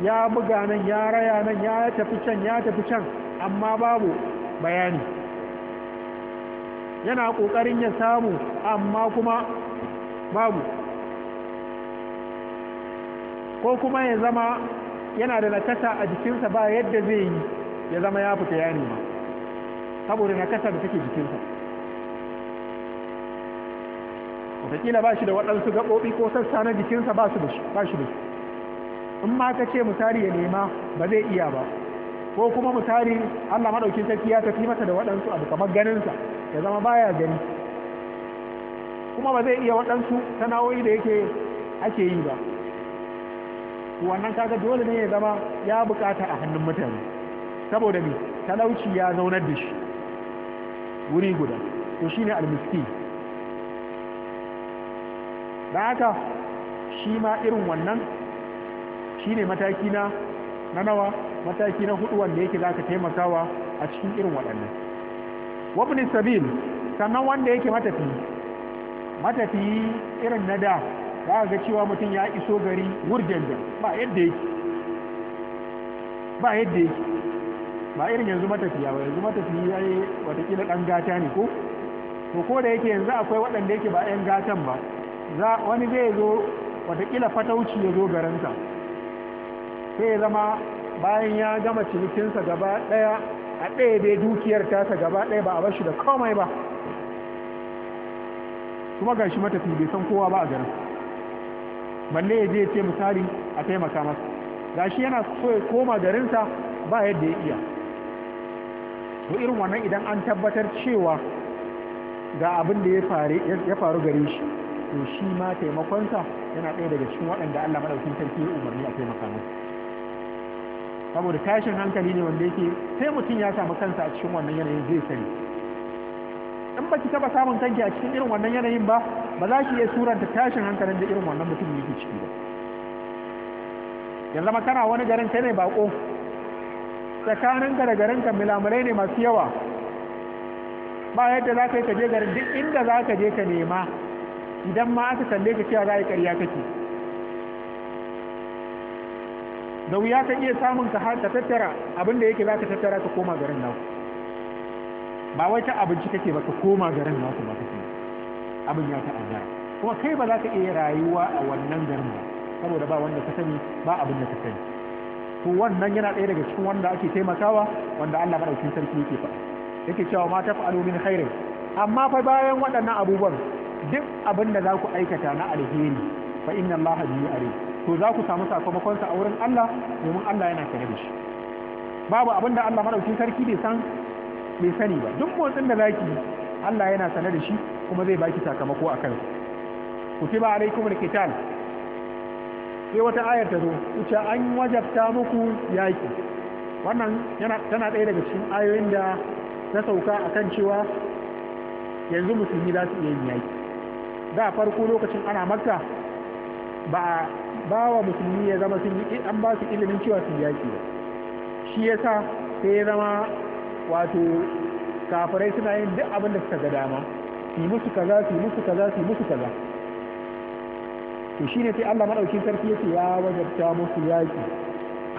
ya buga nan ya raya nan ya tafi can ya tafi can amma babu bayani yana ƙoƙarin ya samu amma kuma babu ko kuma ya zama yana da nakasa a jikinsa ba yadda zai yi ya zama ya fita ya nema saboda nakasa da take jikinsa wataƙila ba shi da waɗansu gaɓoɓi ko sassa na jikinsa ba shi da shi. in ma ka ce misali ya nema ba zai iya ba ko kuma misali allah maɗauki sarki ya tafi masa da waɗansu abu kamar ganinsa ya zama baya gani kuma ba zai iya waɗansu sana'o'i da yake ake yi ba wannan kaga dole ne ya zama ya bukata a hannun mutane saboda mai talauci ya zaunar da shi wuri guda to shine almiski da haka shi ma irin wannan shine mataki na na nawa mataki na hudu wanda yake zaka taimakawa a cikin irin waɗannan wabni sabil sannan wanda yake matafi matafi irin na da za ga cewa mutum ya iso gari wurgen da ba yadda yake ba yadda yake ba irin yanzu matafiya ba yanzu matafiya ya yi watakila ɗan gata ne ko to ko da yake yanzu akwai waɗanda yake ba 'yan gatan ba za wani zai zo watakila fatauci ya zo garinsa sai ya zama bayan ya gama cinikinsa gaba ɗaya a ɗaya dai dukiyar tasa gaba ɗaya ba a bashi da komai ba kuma gashi matafi bai san kowa ba a garin balle ya je ce misali a taimaka masa gashi yana so koma garinsa ba yadda ya iya to irin wannan idan an tabbatar cewa ga abin da ya faru gare shi to shi ma taimakonsa yana ɗaya daga cikin waɗanda Allah madaukin sarki ya umarni a taimaka masa saboda tashin hankali ne wanda yake sai mutum ya samu kansa a cikin wannan yanayin zai sani in ba ki taba samun kanki a cikin irin wannan yanayin ba ba za ki iya suranta tashin hankalin da irin wannan mutum yake ciki ba ya zama kana wani garin kai ne bako tsakaninka da garin ka milamurai ne masu yawa ba yadda za ka yi kaje garin duk inda za ka je ka nema idan ma aka kalle ka cewa za a yi karya kake da wuya ka iya samun ka tattara abin da yake za ka tattara ka koma garin nan. ba wai ta abinci kake ba ka koma garin nasu ba kake abin ya ta'azzara kuma kai ba za ka iya rayuwa a wannan garin ba saboda ba wanda ka sani ba abin da ka sani to wannan yana ɗaya daga cikin wanda ake taimakawa wanda Allah madaukin sarki yake fa yake cewa ma taf'alu min khairin amma fa bayan waɗannan abubuwan duk abin da za ku aikata na alheri fa inna Allah bihi alim to za ku samu sakamakon sa a wurin Allah domin Allah yana tare da shi babu abin da Allah madaukin sarki bai san bai sani ba duk motsin da zaki Allah yana sane da shi kuma zai baki sakamako a kansa ba alaikumul kital. sai wata ayar ta zo uce an wajabta muku yaki wannan yana tana ɗaya daga cikin ayoyin da ta sauka akan cewa yanzu musulmi za su iya yin yaki da farko lokacin ana makka ba ba wa musulmi ya zama sun yi an ba su ilimin cewa su yaki ba shi yasa sai ya zama wato kafirai suna yin duk abin da suka ga dama su yi musu kaza su yi musu kaza su yi musu kaza to shine sai Allah madaukin sarki yace ya wajabta musu yaki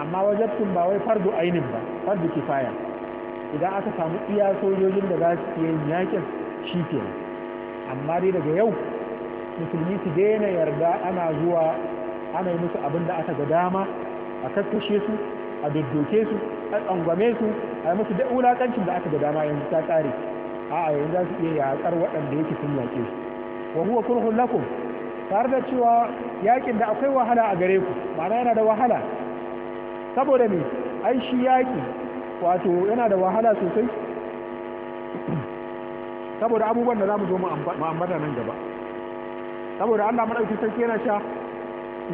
amma wajabtun ba wai fardu ainin ba fardu kifaya idan aka samu iya sojojin da za su iya yakin shi ke amma dai daga yau musulmi su daina yarda ana zuwa ana yi musu abin da aka ga dama a kakkashe su a doddoke su a tsangwame su a musu duk wulakancin da aka da dama yanzu ta a a'a yanzu za su iya yaƙar waɗanda yake sun yaƙe su wa huwa kurhun lakum tare da cewa yaƙin da akwai wahala a gare ku ma'ana yana da wahala saboda me ai shi yaƙi wato yana da wahala sosai saboda abubuwan da za mu zo mu ambata nan gaba saboda Allah madauki sarki yana sha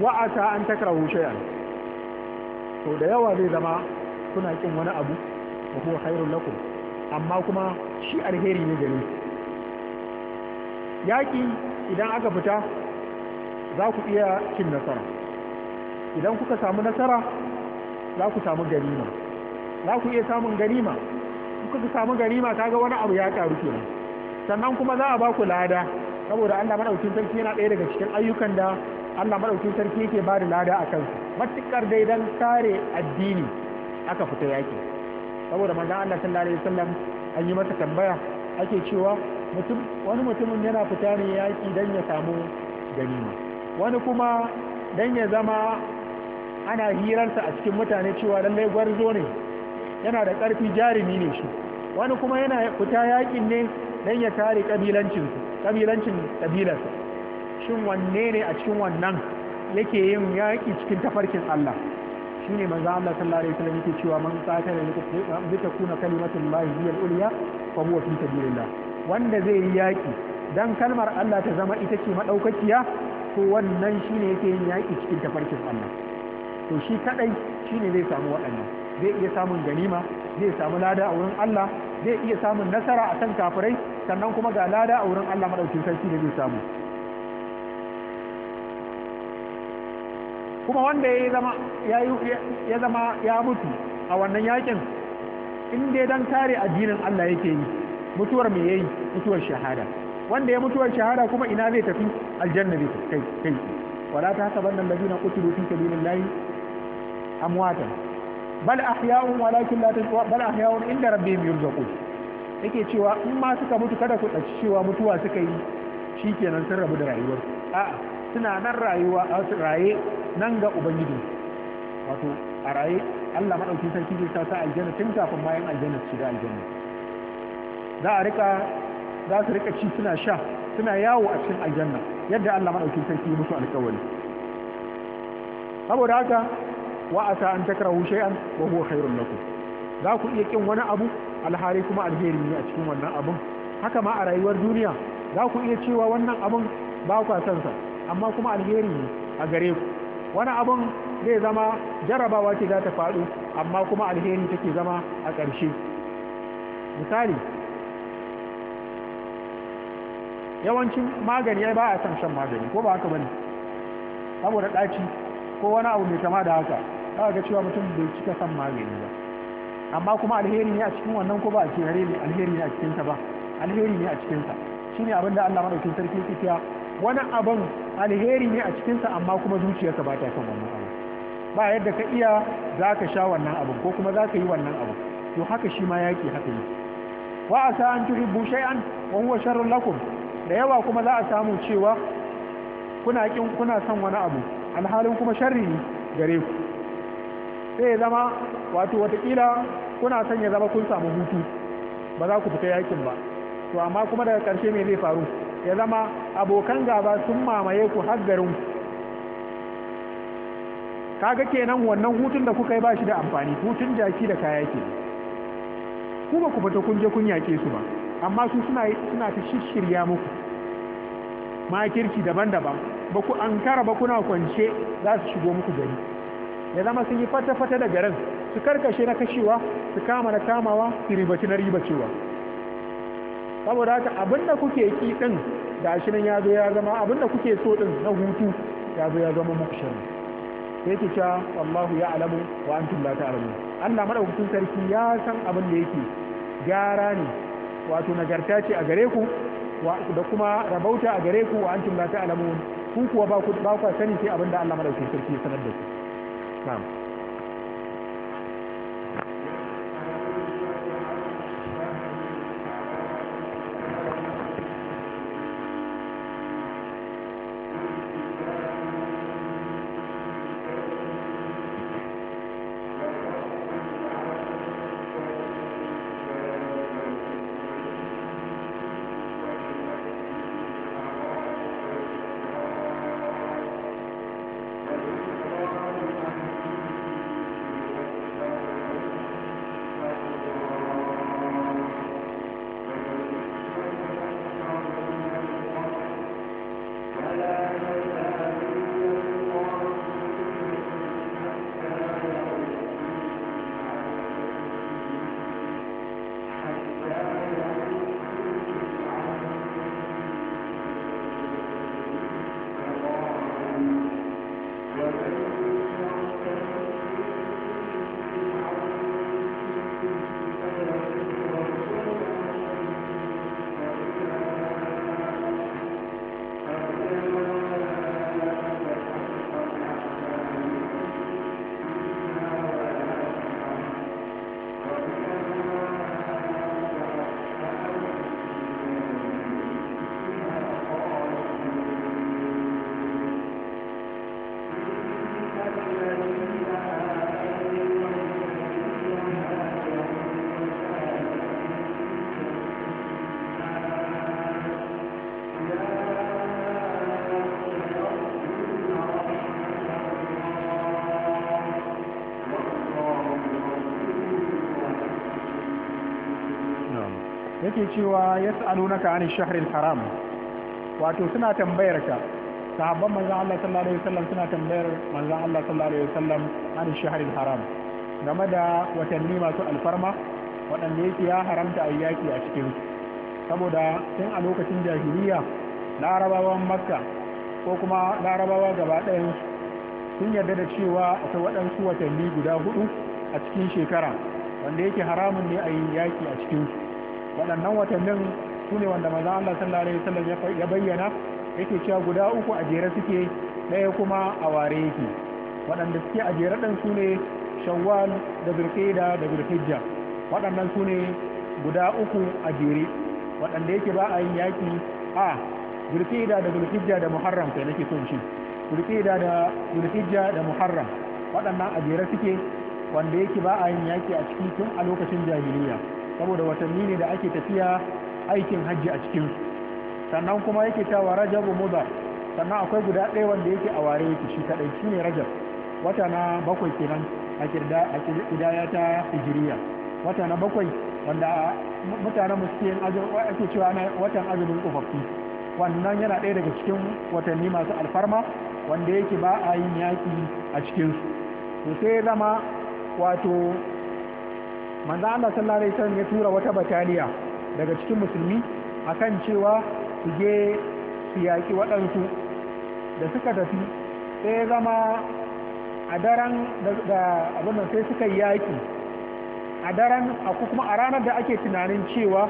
wa'ata an takrahu shay'an to da yawa zai zama kuna kin wani abu wa huwa khairul lakum amma kuma shi alheri ne gare yaki idan aka fita za ku iya cin nasara idan kuka samu nasara za ku samu ganima za ku iya samun ganima kuka samu ganima ta ga wani abu ya karu ke sannan kuma za a ba ku lada saboda Allah madaukakin sarki yana ɗaya daga cikin ayyukan da Allah madaukakin sarki yake ba da lada a kansu matukar daidan kare addini aka fita yaki saboda manzon Allah sallallahu alaihi wasallam an yi masa tambaya ake cewa mutum wani mutumin yana fita ne yaki dan ya samu ganima wani kuma dan ya zama ana hirarsa a cikin mutane cewa lallai gwarzo ne yana da ƙarfi jarumi ne shi wani kuma yana fita yakin ne dan ya kare kabilancin kabilancin kabilarsa shin wanne ne a cikin wannan yake yin yaki cikin tafarkin Allah shine manzo Allah sallallahu alaihi wasallam yake cewa man qatala bi takuna kalimatullahi hiya al-ulya fa huwa fi sabilillah wanda zai yi yaki dan kalmar Allah ta zama ita ce madaukakiya to wannan shine yake yin yaki cikin tafarkin Allah to shi kadai shine zai samu waɗannan zai iya samun ganima zai samu lada a wurin Allah zai iya samun nasara a kan kafirai sannan kuma ga lada a wurin Allah madaukakin sarki da zai samu kuma wanda ya zama ya zama ya mutu a wannan yakin in dai dan kare addinin Allah yake yi mutuwar me yayi mutuwar shahada wanda ya mutuwar shahada kuma ina zai tafi aljanna zai kai kai wala ta hasabanna alladhina qutilu fi sabilillahi amwatan bal ahya'un walakin la tashwa bal ahya'un inda rabbihim yurzaqun yake cewa in ma suka mutu kada ku tsaci cewa mutuwa suka yi shikenan sun rabu da rayuwar a'a suna nan rayuwa a wasu raye nan ga ubangiji wato a raye Allah madaukin sarki zai sa aljanna tun kafin ma yan aljanna su da aljanna za a rika za su rika ci suna sha suna yawo a cikin aljanna yadda Allah madaukin sarki ya musu alƙawari saboda haka wa asa an takrahu shay'an wa huwa khairun lakum za ku iya kin wani abu alhari kuma alheri ne a cikin wannan abun haka ma a rayuwar duniya za ku iya cewa wannan abun ba ku san sa amma kuma alheri ne a gare ku wani abun zai zama jarabawa ce za ta faɗo amma kuma alheri take zama a ƙarshe misali yawancin magani ya ba a san shan magani ko ba haka bane saboda ɗaci ko wani abu mai kama da haka za ga cewa mutum bai cika san magani ba amma kuma alheri ne a cikin wannan ko ba a cikin ne alheri ne a cikin ta ba alheri ne a cikin shine abin da Allah madaukakin sarki yake cewa wani abin alheri ne a cikinsa amma kuma zuciyarsa ba ta kan wannan abu ba yadda ka iya za ka sha wannan abu ko kuma za ka yi wannan abu to haka shi ma yaƙi haka yi wa a sa an tuhibbu shay'an wa huwa sharrun lakum da yawa kuma za a samu cewa kuna kin kuna son wani abu alhalin kuma sharri ne gare ku sai ya zama wato watakila kuna son ya zama kun samu hutu ba za ku fita yakin ba to amma kuma daga ƙarshe me zai faru ya zama abokan gaba sun mamaye ku har garin kaga kenan wannan hutun da kuka yi ba shi da amfani hutun jaki da kaya ke ku ba ku fita kun je kun yake su ba amma su suna suna ta shishirya muku makirci daban-daban ba ku ankara ba kuna kwance za su shigo muku gari ya zama sun yi fata-fata da garin su karkashe na kashewa su kama na kamawa su ribaci na ribacewa saboda haka abinda kuke ki din da shirin ya zo ya zama abinda kuke so din na hutu ya zo ya zama muku shirin sai ki cewa wallahu ya alamu wa antum la ta'lamu Allah madaukakin sarki ya san abin da yake gyara ne wato nagarta ce a gare ku da kuma rabauta a gare ku wa antum la ta'lamu ku kuwa ba ku ba ku sani sai abin da Allah madaukakin sarki ya sanar da ku na'am cewa ya na 'ani shahril haram wato suna tambayar ka sahabban manzan Allah sallallahu alaihi wasallam suna tambayar manzan Allah sallallahu alaihi wasallam 'ani shahril haram game da watanni masu alfarma waɗanda yake ya haramta a yaki a cikin saboda tun a lokacin jahiliya larabawan makka ko kuma larabawa gaba ɗayan sun yarda da cewa akwai waɗansu watanni guda hudu a cikin shekara wanda yake haramun ne a yi yaƙi a cikinsu waɗannan watannin su ne wanda maza Allah sallallahu alaihi wasallam ya bayyana yake cewa guda uku a jere suke ɗaya kuma a ware yake waɗanda suke a jere ɗin su ne shawwal da zulqa'da da zulhijja waɗannan su ne guda uku a jere waɗanda yake ba a yin yaƙi a zulqa'da da zulhijja da muharram kai nake son shi zulqa'da da zulhijja da muharram waɗannan a jere suke wanda yake ba a yin yaƙi a ciki tun a lokacin jahiliya saboda watanni ne da ake tafiya aikin hajji a cikin sannan kuma yake cewa rajab mudar sannan akwai guda ɗaya wanda yake a ware yake shi kadai shine rajab wata na bakwai kenan a kidaya ta hijiriya wata na bakwai wanda mutanen muskiyin ake cewa na watan azumin tsofaffi wannan yana ɗaya daga cikin watanni masu alfarma wanda yake ba a yin yaƙi a cikinsu su sai zama wato manzo Allah sallallahu alaihi wasallam ya tura wata bataliya daga cikin musulmi akan cewa su je su yaki waɗansu da suka tafi sai zama a daren da abin sai suka yaki a daren aku kuma a ranar da ake tunanin cewa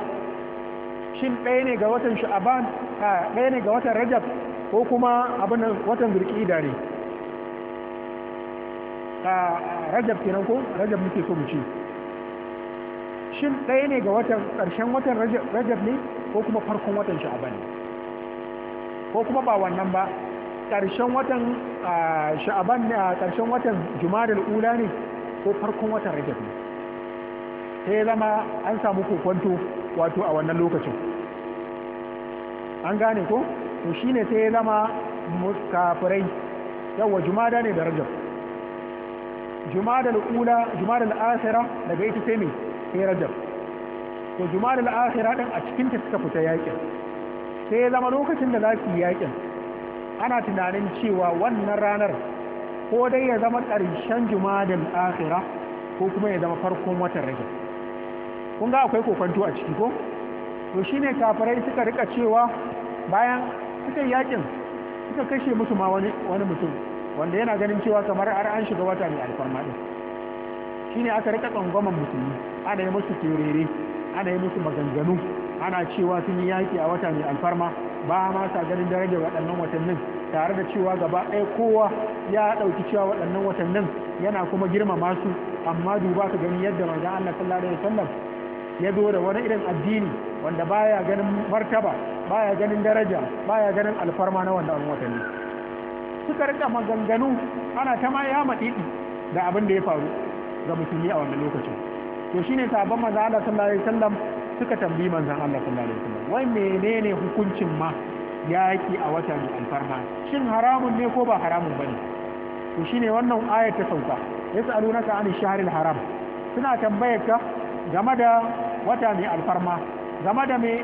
shin ɗaya ne ga watan sha'aban a ɗaya ne ga watan rajab ko kuma abin watan zurki ne a rajab kenan ko rajab muke so mu ce shin ɗaya ne ga watan ƙarshen watan rajab ne ko kuma farkon watan sha'aban ne ko kuma ba wannan ba ƙarshen watan sha'aban ne a ƙarshen watan jumadal ula ne ko farkon watan rajab ne sai zama an samu kokwanto wato a wannan lokacin an gane ko to shine sai zama kafirai yawa jumada ne da rajab jumadal ula jumadal asira daga ita sai mai sai rajab to juma'ar al'akhira din a cikin ta suka fita yakin sai ya zama lokacin da za su yi yakin ana tunanin cewa wannan ranar ko dai ya zama ƙarshen juma'ar al'akhira ko kuma ya zama farkon watan rajab kun ga akwai kokonto a ciki ko to shine kafirai suka rika cewa bayan suka yakin suka kashe musu ma wani mutum wanda yana ganin cewa kamar har an shiga wata mai alfarma din ne aka rika tsangwaman musulmi ana yi musu terere ana yi musu maganganu ana cewa sun yi yaki a wata mai alfarma ba ma sa ganin darajar waɗannan watannin tare da cewa gaba ɗaya kowa ya ɗauki cewa waɗannan watannin yana kuma girmama su amma duba ka gani yadda manzon Allah sallallahu alaihi wasallam ya zo da wani irin addini wanda baya ganin martaba baya ganin daraja baya ganin alfarma na wannan watanni suka rika maganganu ana ta ma ya maɗiɗi da abin da ya faru ga musulmi a wannan lokaci? to shine sabon manzo Allah sallallahu alaihi wasallam suka tambayi manzan Allah sallallahu alaihi wasallam wai menene hukuncin ma yaki a watan alfarma shin haramun ne ko ba haramun bane to shine wannan ayar ta sauka yas'alunaka an shahril haram suna tambayar ka game da wata mai alfarma game da mai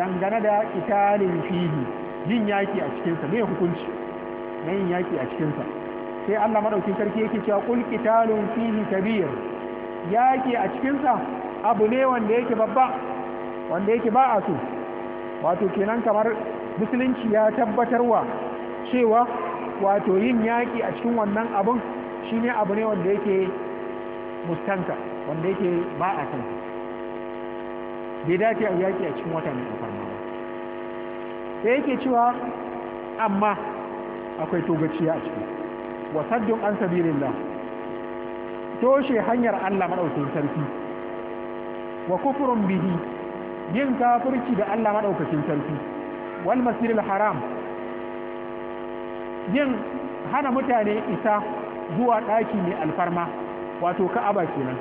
dangane da kitalin fihi yin yaki a cikinsa mai hukunci na yin yaki a cikinsa sai Allah madaukin sarki yake cewa kul qitalun fihi kabir yaki a cikin sa abu ne wanda yake babba wanda yake ba a so wato kenan kamar musulunci ya tabbatarwa cewa wato yin yaki a cikin wannan abun shine abu ne wanda yake mustanka wanda yake ba a kansa bai dace a yaki a cikin wata mai farma ba sai yake cewa amma akwai togaciya a cikin. wa saddun an sabilillah toshe hanyar Allah madaukakin sarki wa kufrun bihi yin kafirci da Allah maɗaukacin sarki wal masjidil haram yin hana mutane isa zuwa ɗaki mai alfarma wato ka'aba kenan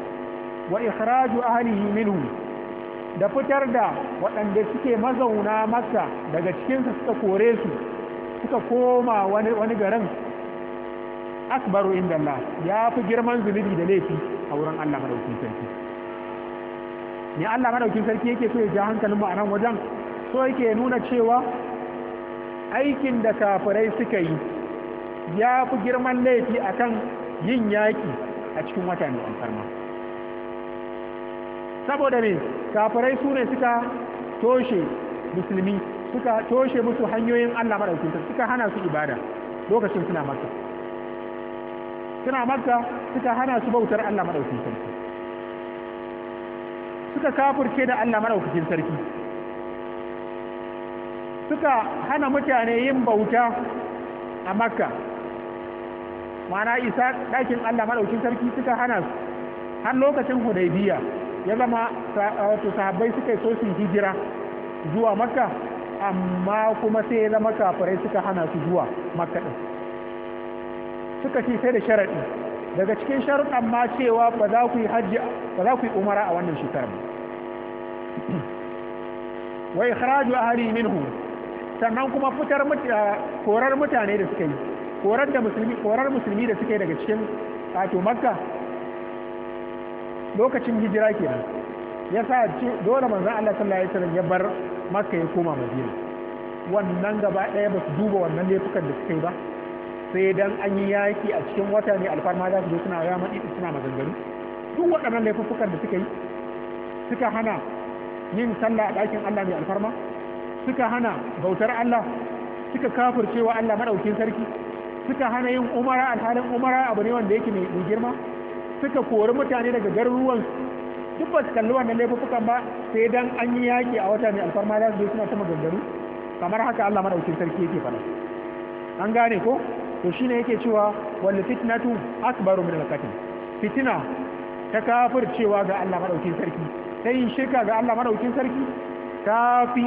wa ikhraju ahlihi minhu da fitar da waɗanda suke mazauna masa daga cikinsa suka kore su suka koma wani garin akbaru inda Allah ya fi girman zunubi da laifi a wurin Allah madaukin sarki ne Allah madaukin sarki yake so ya ja hankalin mu a nan wajen so yake nuna cewa aikin da kafirai suka yi ya fi girman laifi akan yin yaki a cikin wata mai alfarma saboda ne kafirai su ne suka toshe musulmi suka toshe musu hanyoyin Allah madaukin sarki suka hana su ibada lokacin suna maka suna maka suka hana su bautar Allah maɗaukin sarki suka kafirce da Allah maɗaukin sarki suka hana mutane yin bauta a makka mana isa ɗakin Allah maɗaukin sarki suka hana su har lokacin hudaibiya ya zama wato sahabbai suka yi sosin hijira zuwa makka amma kuma sai ya zama kafirai suka hana su zuwa makka ɗin. suka fi sai da sharaɗi daga cikin sharuɗan ma cewa ba za ku yi umara a wannan shekarar Wai wa a hari minhu sannan kuma fitar korar mutane da suka yi korar musulmi da suka yi daga cikin ato makka lokacin hijira ke kenan yasa dole manzan Allah sallallahu alaihi wasallam ya bar makka ya koma madina wannan gaba ɗaya ba su duba wannan laifukan da suka yi ba sai dan an yi yaki a cikin wata ne alfarma za su zo suna rama ɗiɗi suna maganganu duk waɗannan laifuffukan da suka yi suka hana yin sallah a ɗakin Allah mai alfarma suka hana bautar Allah suka kafircewa Allah maɗaukin sarki suka hana yin umara alhalin umara abu ne wanda yake mai girma suka kori mutane daga garuruwan duk ba su kalli wannan laifukan ba sai dan an yi yaƙi a wata mai alfarma za su zo suna ta maganganu kamar haka Allah maɗaukin sarki yake faɗa an gane ko to shine yake cewa wal fitnatu akbaru min al qatl fitina ta cewa ga Allah madaukin sarki sai yin shirka ga Allah madaukin sarki kafi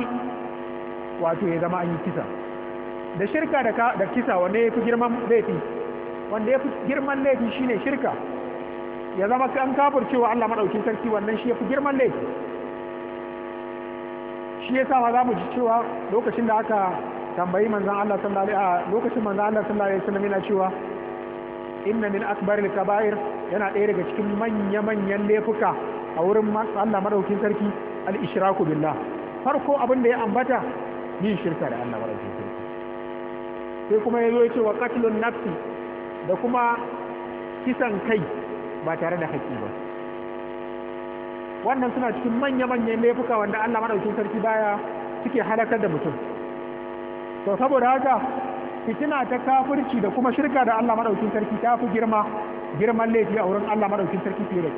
wato ya zama an yi kisa da shirka da kisa wanda ya fi girman laifi wanda ya fi girman laifi shine shirka ya zama kafir cewa Allah madaukin sarki wannan shi ya fi girman laifi shi ya sa ma za mu ji cewa lokacin da aka tambayi manzan Allah sallallahu alaihi a lokacin manzan Allah sallallahu alaihi wasallam yana cewa inna min akbaril kaba'ir yana ɗaya daga cikin manya manyan laifuka a wurin Allah madaukin sarki Al'ishiraku ishraku billah farko abin da ya ambata yin shirka da Allah madaukin sarki sai kuma ya zo ya ce wa qatlun nafsi da kuma kisan kai ba tare da haƙƙi ba wannan suna cikin manya manyan laifuka wanda Allah madaukin sarki baya suke halakar da mutum to saboda haka fitina ta kafirci da kuma shirka da Allah madaukin sarki ta fi girma girman laifi a wurin Allah madaukin sarki fiye da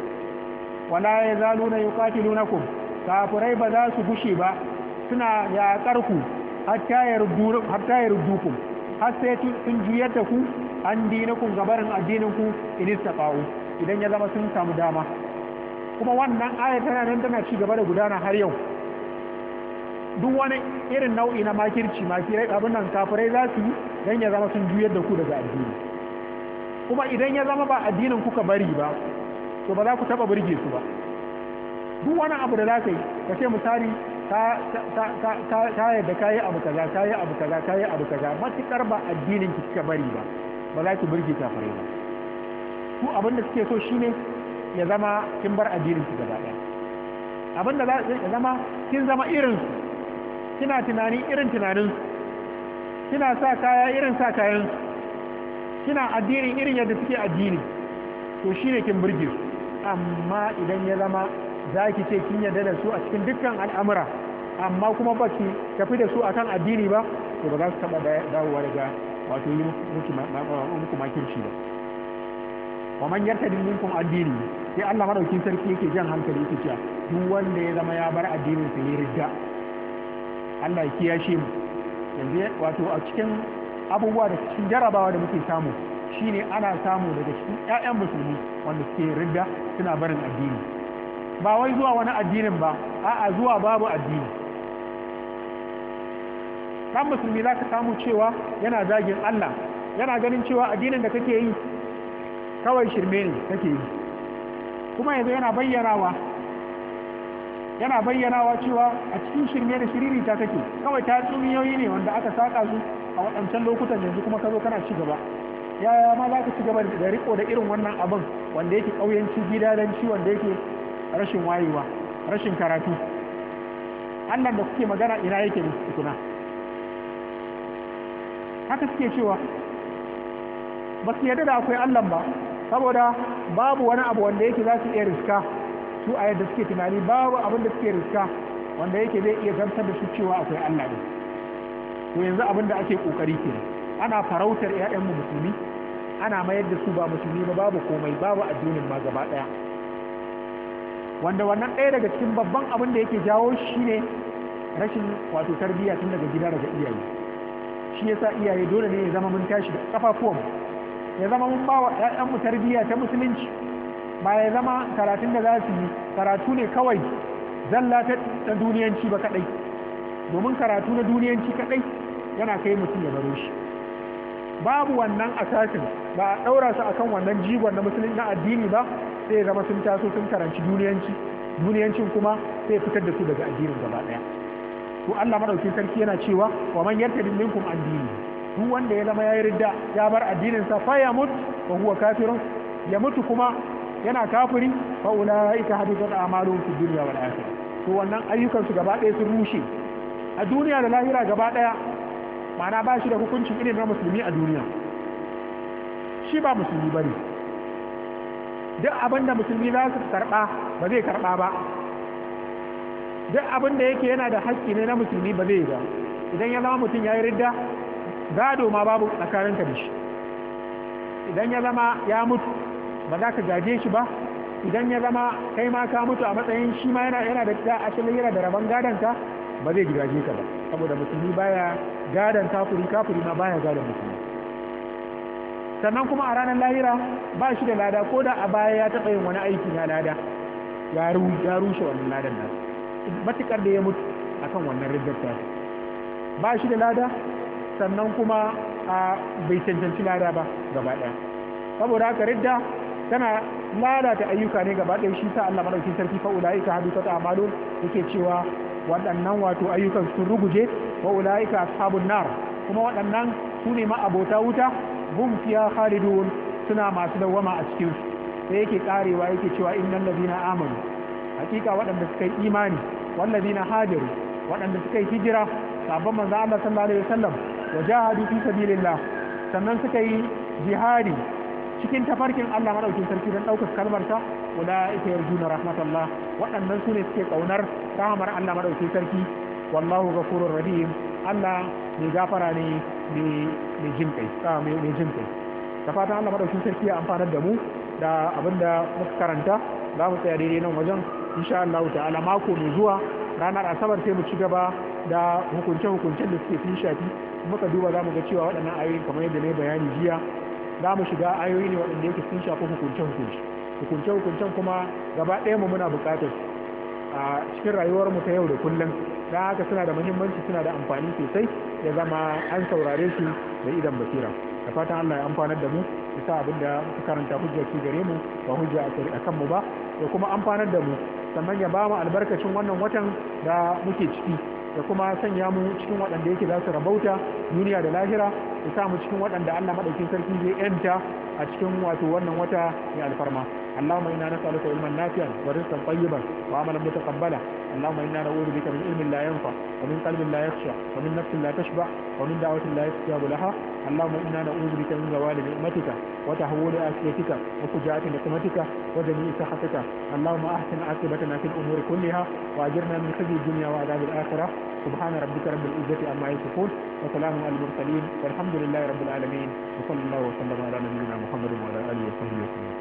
wala yazaluna yuqatilunakum kafirai ba za su gushe ba suna yaƙar ku hatta yardu ku har sai sun juyar da ku an dina ku gabarin addinin ku in istaqa'u idan ya zama sun samu dama kuma wannan aya tana nan tana ci gaba da gudana har yau duk wani irin nau'i na makirci makirai abin nan kafirai za su yi don ya zama sun juyar da ku daga addini kuma idan ya zama ba addinin kuka bari ba to ba za ku taba burge su ba duk wani abu da za ka yi ka ce misali ta yadda ka yi abu kaza ka yi abu kaza ka yi abu kaza matuƙar ba addinin ki kika bari ba ba za ki burge kafirai ba ku abin da suke so shine ya zama kin bar addinin ki gaba ɗaya abin da ya zama kin zama irin su kina tunani irin tunanin kina sa kaya irin sa kayan kina addini irin yadda suke addini to shine kin burge su amma idan ya zama za ki ce kin yarda da su a cikin dukkan al'amura amma kuma ba ki tafi da su akan addini ba to ba za su taba dawowa daga wato yi muku makirci ba wa man yartadi minkum addini sai Allah madaukin sarki yake jan hankali yake cewa duk wanda ya zama ya bar addinin sa ya ridda Allah ya kiyashe mu yanzu wato a cikin abubuwa da cikin jarabawa da muke samu shine ana samu daga cikin ƴaƴan musulmi wanda suke ridda suna barin addini ba wai zuwa wani addinin ba a'a zuwa babu addini kan musulmi za ka samu cewa yana zagin Allah yana ganin cewa addinin da kake yi kawai shirme ne kake yi kuma yanzu yana bayyanawa yana bayyanawa cewa a cikin shirme da shiriri ta take kawai ta tsumiyoyi ne wanda aka saka su a waɗancan lokutan yanzu kuma ka zo kana ci gaba yaya ma za ka ci gaba da riko da irin wannan abin wanda yake ƙauyenci gidadanci wanda yake rashin wayewa rashin karatu allah da kuke magana ina yake ne tukuna haka suke cewa ba su yarda da akwai allah ba saboda babu wani abu wanda yake za su iya riska su a yadda suke tunani babu abin da suke riska wanda yake zai iya zartar da su cewa akwai Allah ne to yanzu abin da ake kokari ke ana farautar ƴaƴan mu musulmi ana mayar da su ba musulmi ba babu komai babu addinin ma gaba daya wanda wannan ɗaya daga cikin babban abin da yake jawo shi ne rashin wato tarbiyya tun daga gida daga iyaye shi yasa iyaye dole ne ya zama mun tashi da kafafuwan ya zama mun ba wa mu tarbiyya ta musulunci ba ya zama karatun da za su yi karatu ne kawai zalla ta duniyanci ba kadai domin karatu na duniyanci kadai yana kai mutum ya baro shi babu wannan asasin ba a ɗaura su kan wannan jigon na musulun na addini ba sai ya zama sun taso sun karanci duniyanci duniyancin kuma sai fitar da su daga addinin gaba ɗaya to Allah madauki sarki yana cewa wa man yartadi minkum an duk wanda ya zama ya yarda ya bar addinin sa fa ya mutu wa huwa kafirun ya mutu kuma yana kafiri fa ulaika habitat amalu fi dunya wal akhirah to wannan ayyukan su gaba ɗaya sun rushe a duniya da lahira gaba ɗaya ma'ana ba shi da hukuncin irin na musulmi a duniya shi ba musulmi ba ne duk abinda musulmi za su karɓa ba zai karɓa ba duk abin da yake yana da haƙƙi ne na musulmi ba zai ba idan ya zama mutum ya yi ridda gado ma babu tsakaninka da shi idan ya zama ya mutu ba za ka gaje shi ba idan ya zama kai ma ka mutu a matsayin shi ma yana yana da da asali yana da rabon gadon ka ba zai gidaje ka ba saboda musulmi baya gadon kafuri kafuri ma baya gadon musulmi sannan kuma a ranar lahira ba shi da lada ko da a baya ya taɓa yin wani aiki na lada ya rushe wannan ladan nasu matukar da ya mutu akan wannan riddar ba shi da lada sannan kuma a bai cancanci lada ba gaba ɗaya saboda ka ridda tana lalata ayyuka ne gaba ɗaya shi sa Allah madaukin sarki fa ulaika ta a'malun yake cewa waɗannan wato ayyukan sun ruguje wa ulaika ashabun nar kuma waɗannan su ne ma abota wuta hum fiya khalidun suna masu dawwama a cikin su sai yake karewa yake cewa innal ladina amanu hakika waɗanda suka yi imani wallazina hajaru waɗanda suka yi hijira sabon manzo Allah sallallahu alaihi wasallam wajahadu fi sabilillah sannan suka yi jihadi cikin tafarkin Allah madaukin sarki don ɗaukar kalmarsa wala ita yarjuna rahmatullah waɗannan su ne suke ƙaunar rahamar Allah madaukin sarki wallahu ghafurur rahim Allah mai gafara ne mai jin kai mai jin kai da fatan Allah madaukin sarki ya amfanar da mu da abinda muka karanta za mu tsaya daidai nan wajen insha Allah ta'ala mako mai zuwa ranar asabar sai mu ci gaba da hukunce-hukuncen da suke fi shafi muka duba za mu ga cewa waɗannan ayoyin kamar yadda na yi bayani jiya za mu shiga ayoyi ne waɗanda yake sun shafi hukuncen hukunci hukuncen hukuncen kuma gaba ɗaya mu muna buƙatar a cikin rayuwar mu ta yau da kullum da haka suna da muhimmanci suna da amfani sosai ya zama an saurare su da idan basira da fatan Allah ya amfanar da mu ya sa abin da muka karanta hujjar su gare mu ba hujja a kan mu ba ya kuma amfanar da mu sannan ya ba mu albarkacin wannan watan da muke ciki da kuma sanya mu cikin waɗanda yake za su rabauta duniya da lahira da sa mu cikin waɗanda Allah madaukin sarki zai yanta a cikin wato wannan wata mai alfarma اللهم انا نسالك علما نافعا ورزقا طيبا وعملا متقبلا اللهم انا نعوذ بك من علم لا ينفع ومن قلب لا يخشع ومن نفس لا تشبع ومن دعوه لا يستجاب لها اللهم إنا نعوذ بك من زوال نعمتك وتحول أسيتك وفجاءة نقمتك وجميع سخطك اللهم أحسن عاقبتنا في الأمور كلها وأجرنا من خزي الدنيا وعذاب الآخرة سبحان ربك رب العزة عما يصفون وسلام على المرسلين والحمد لله رب العالمين وصلى الله وسلم على نبينا محمد وعلى آله وصحبه وسلم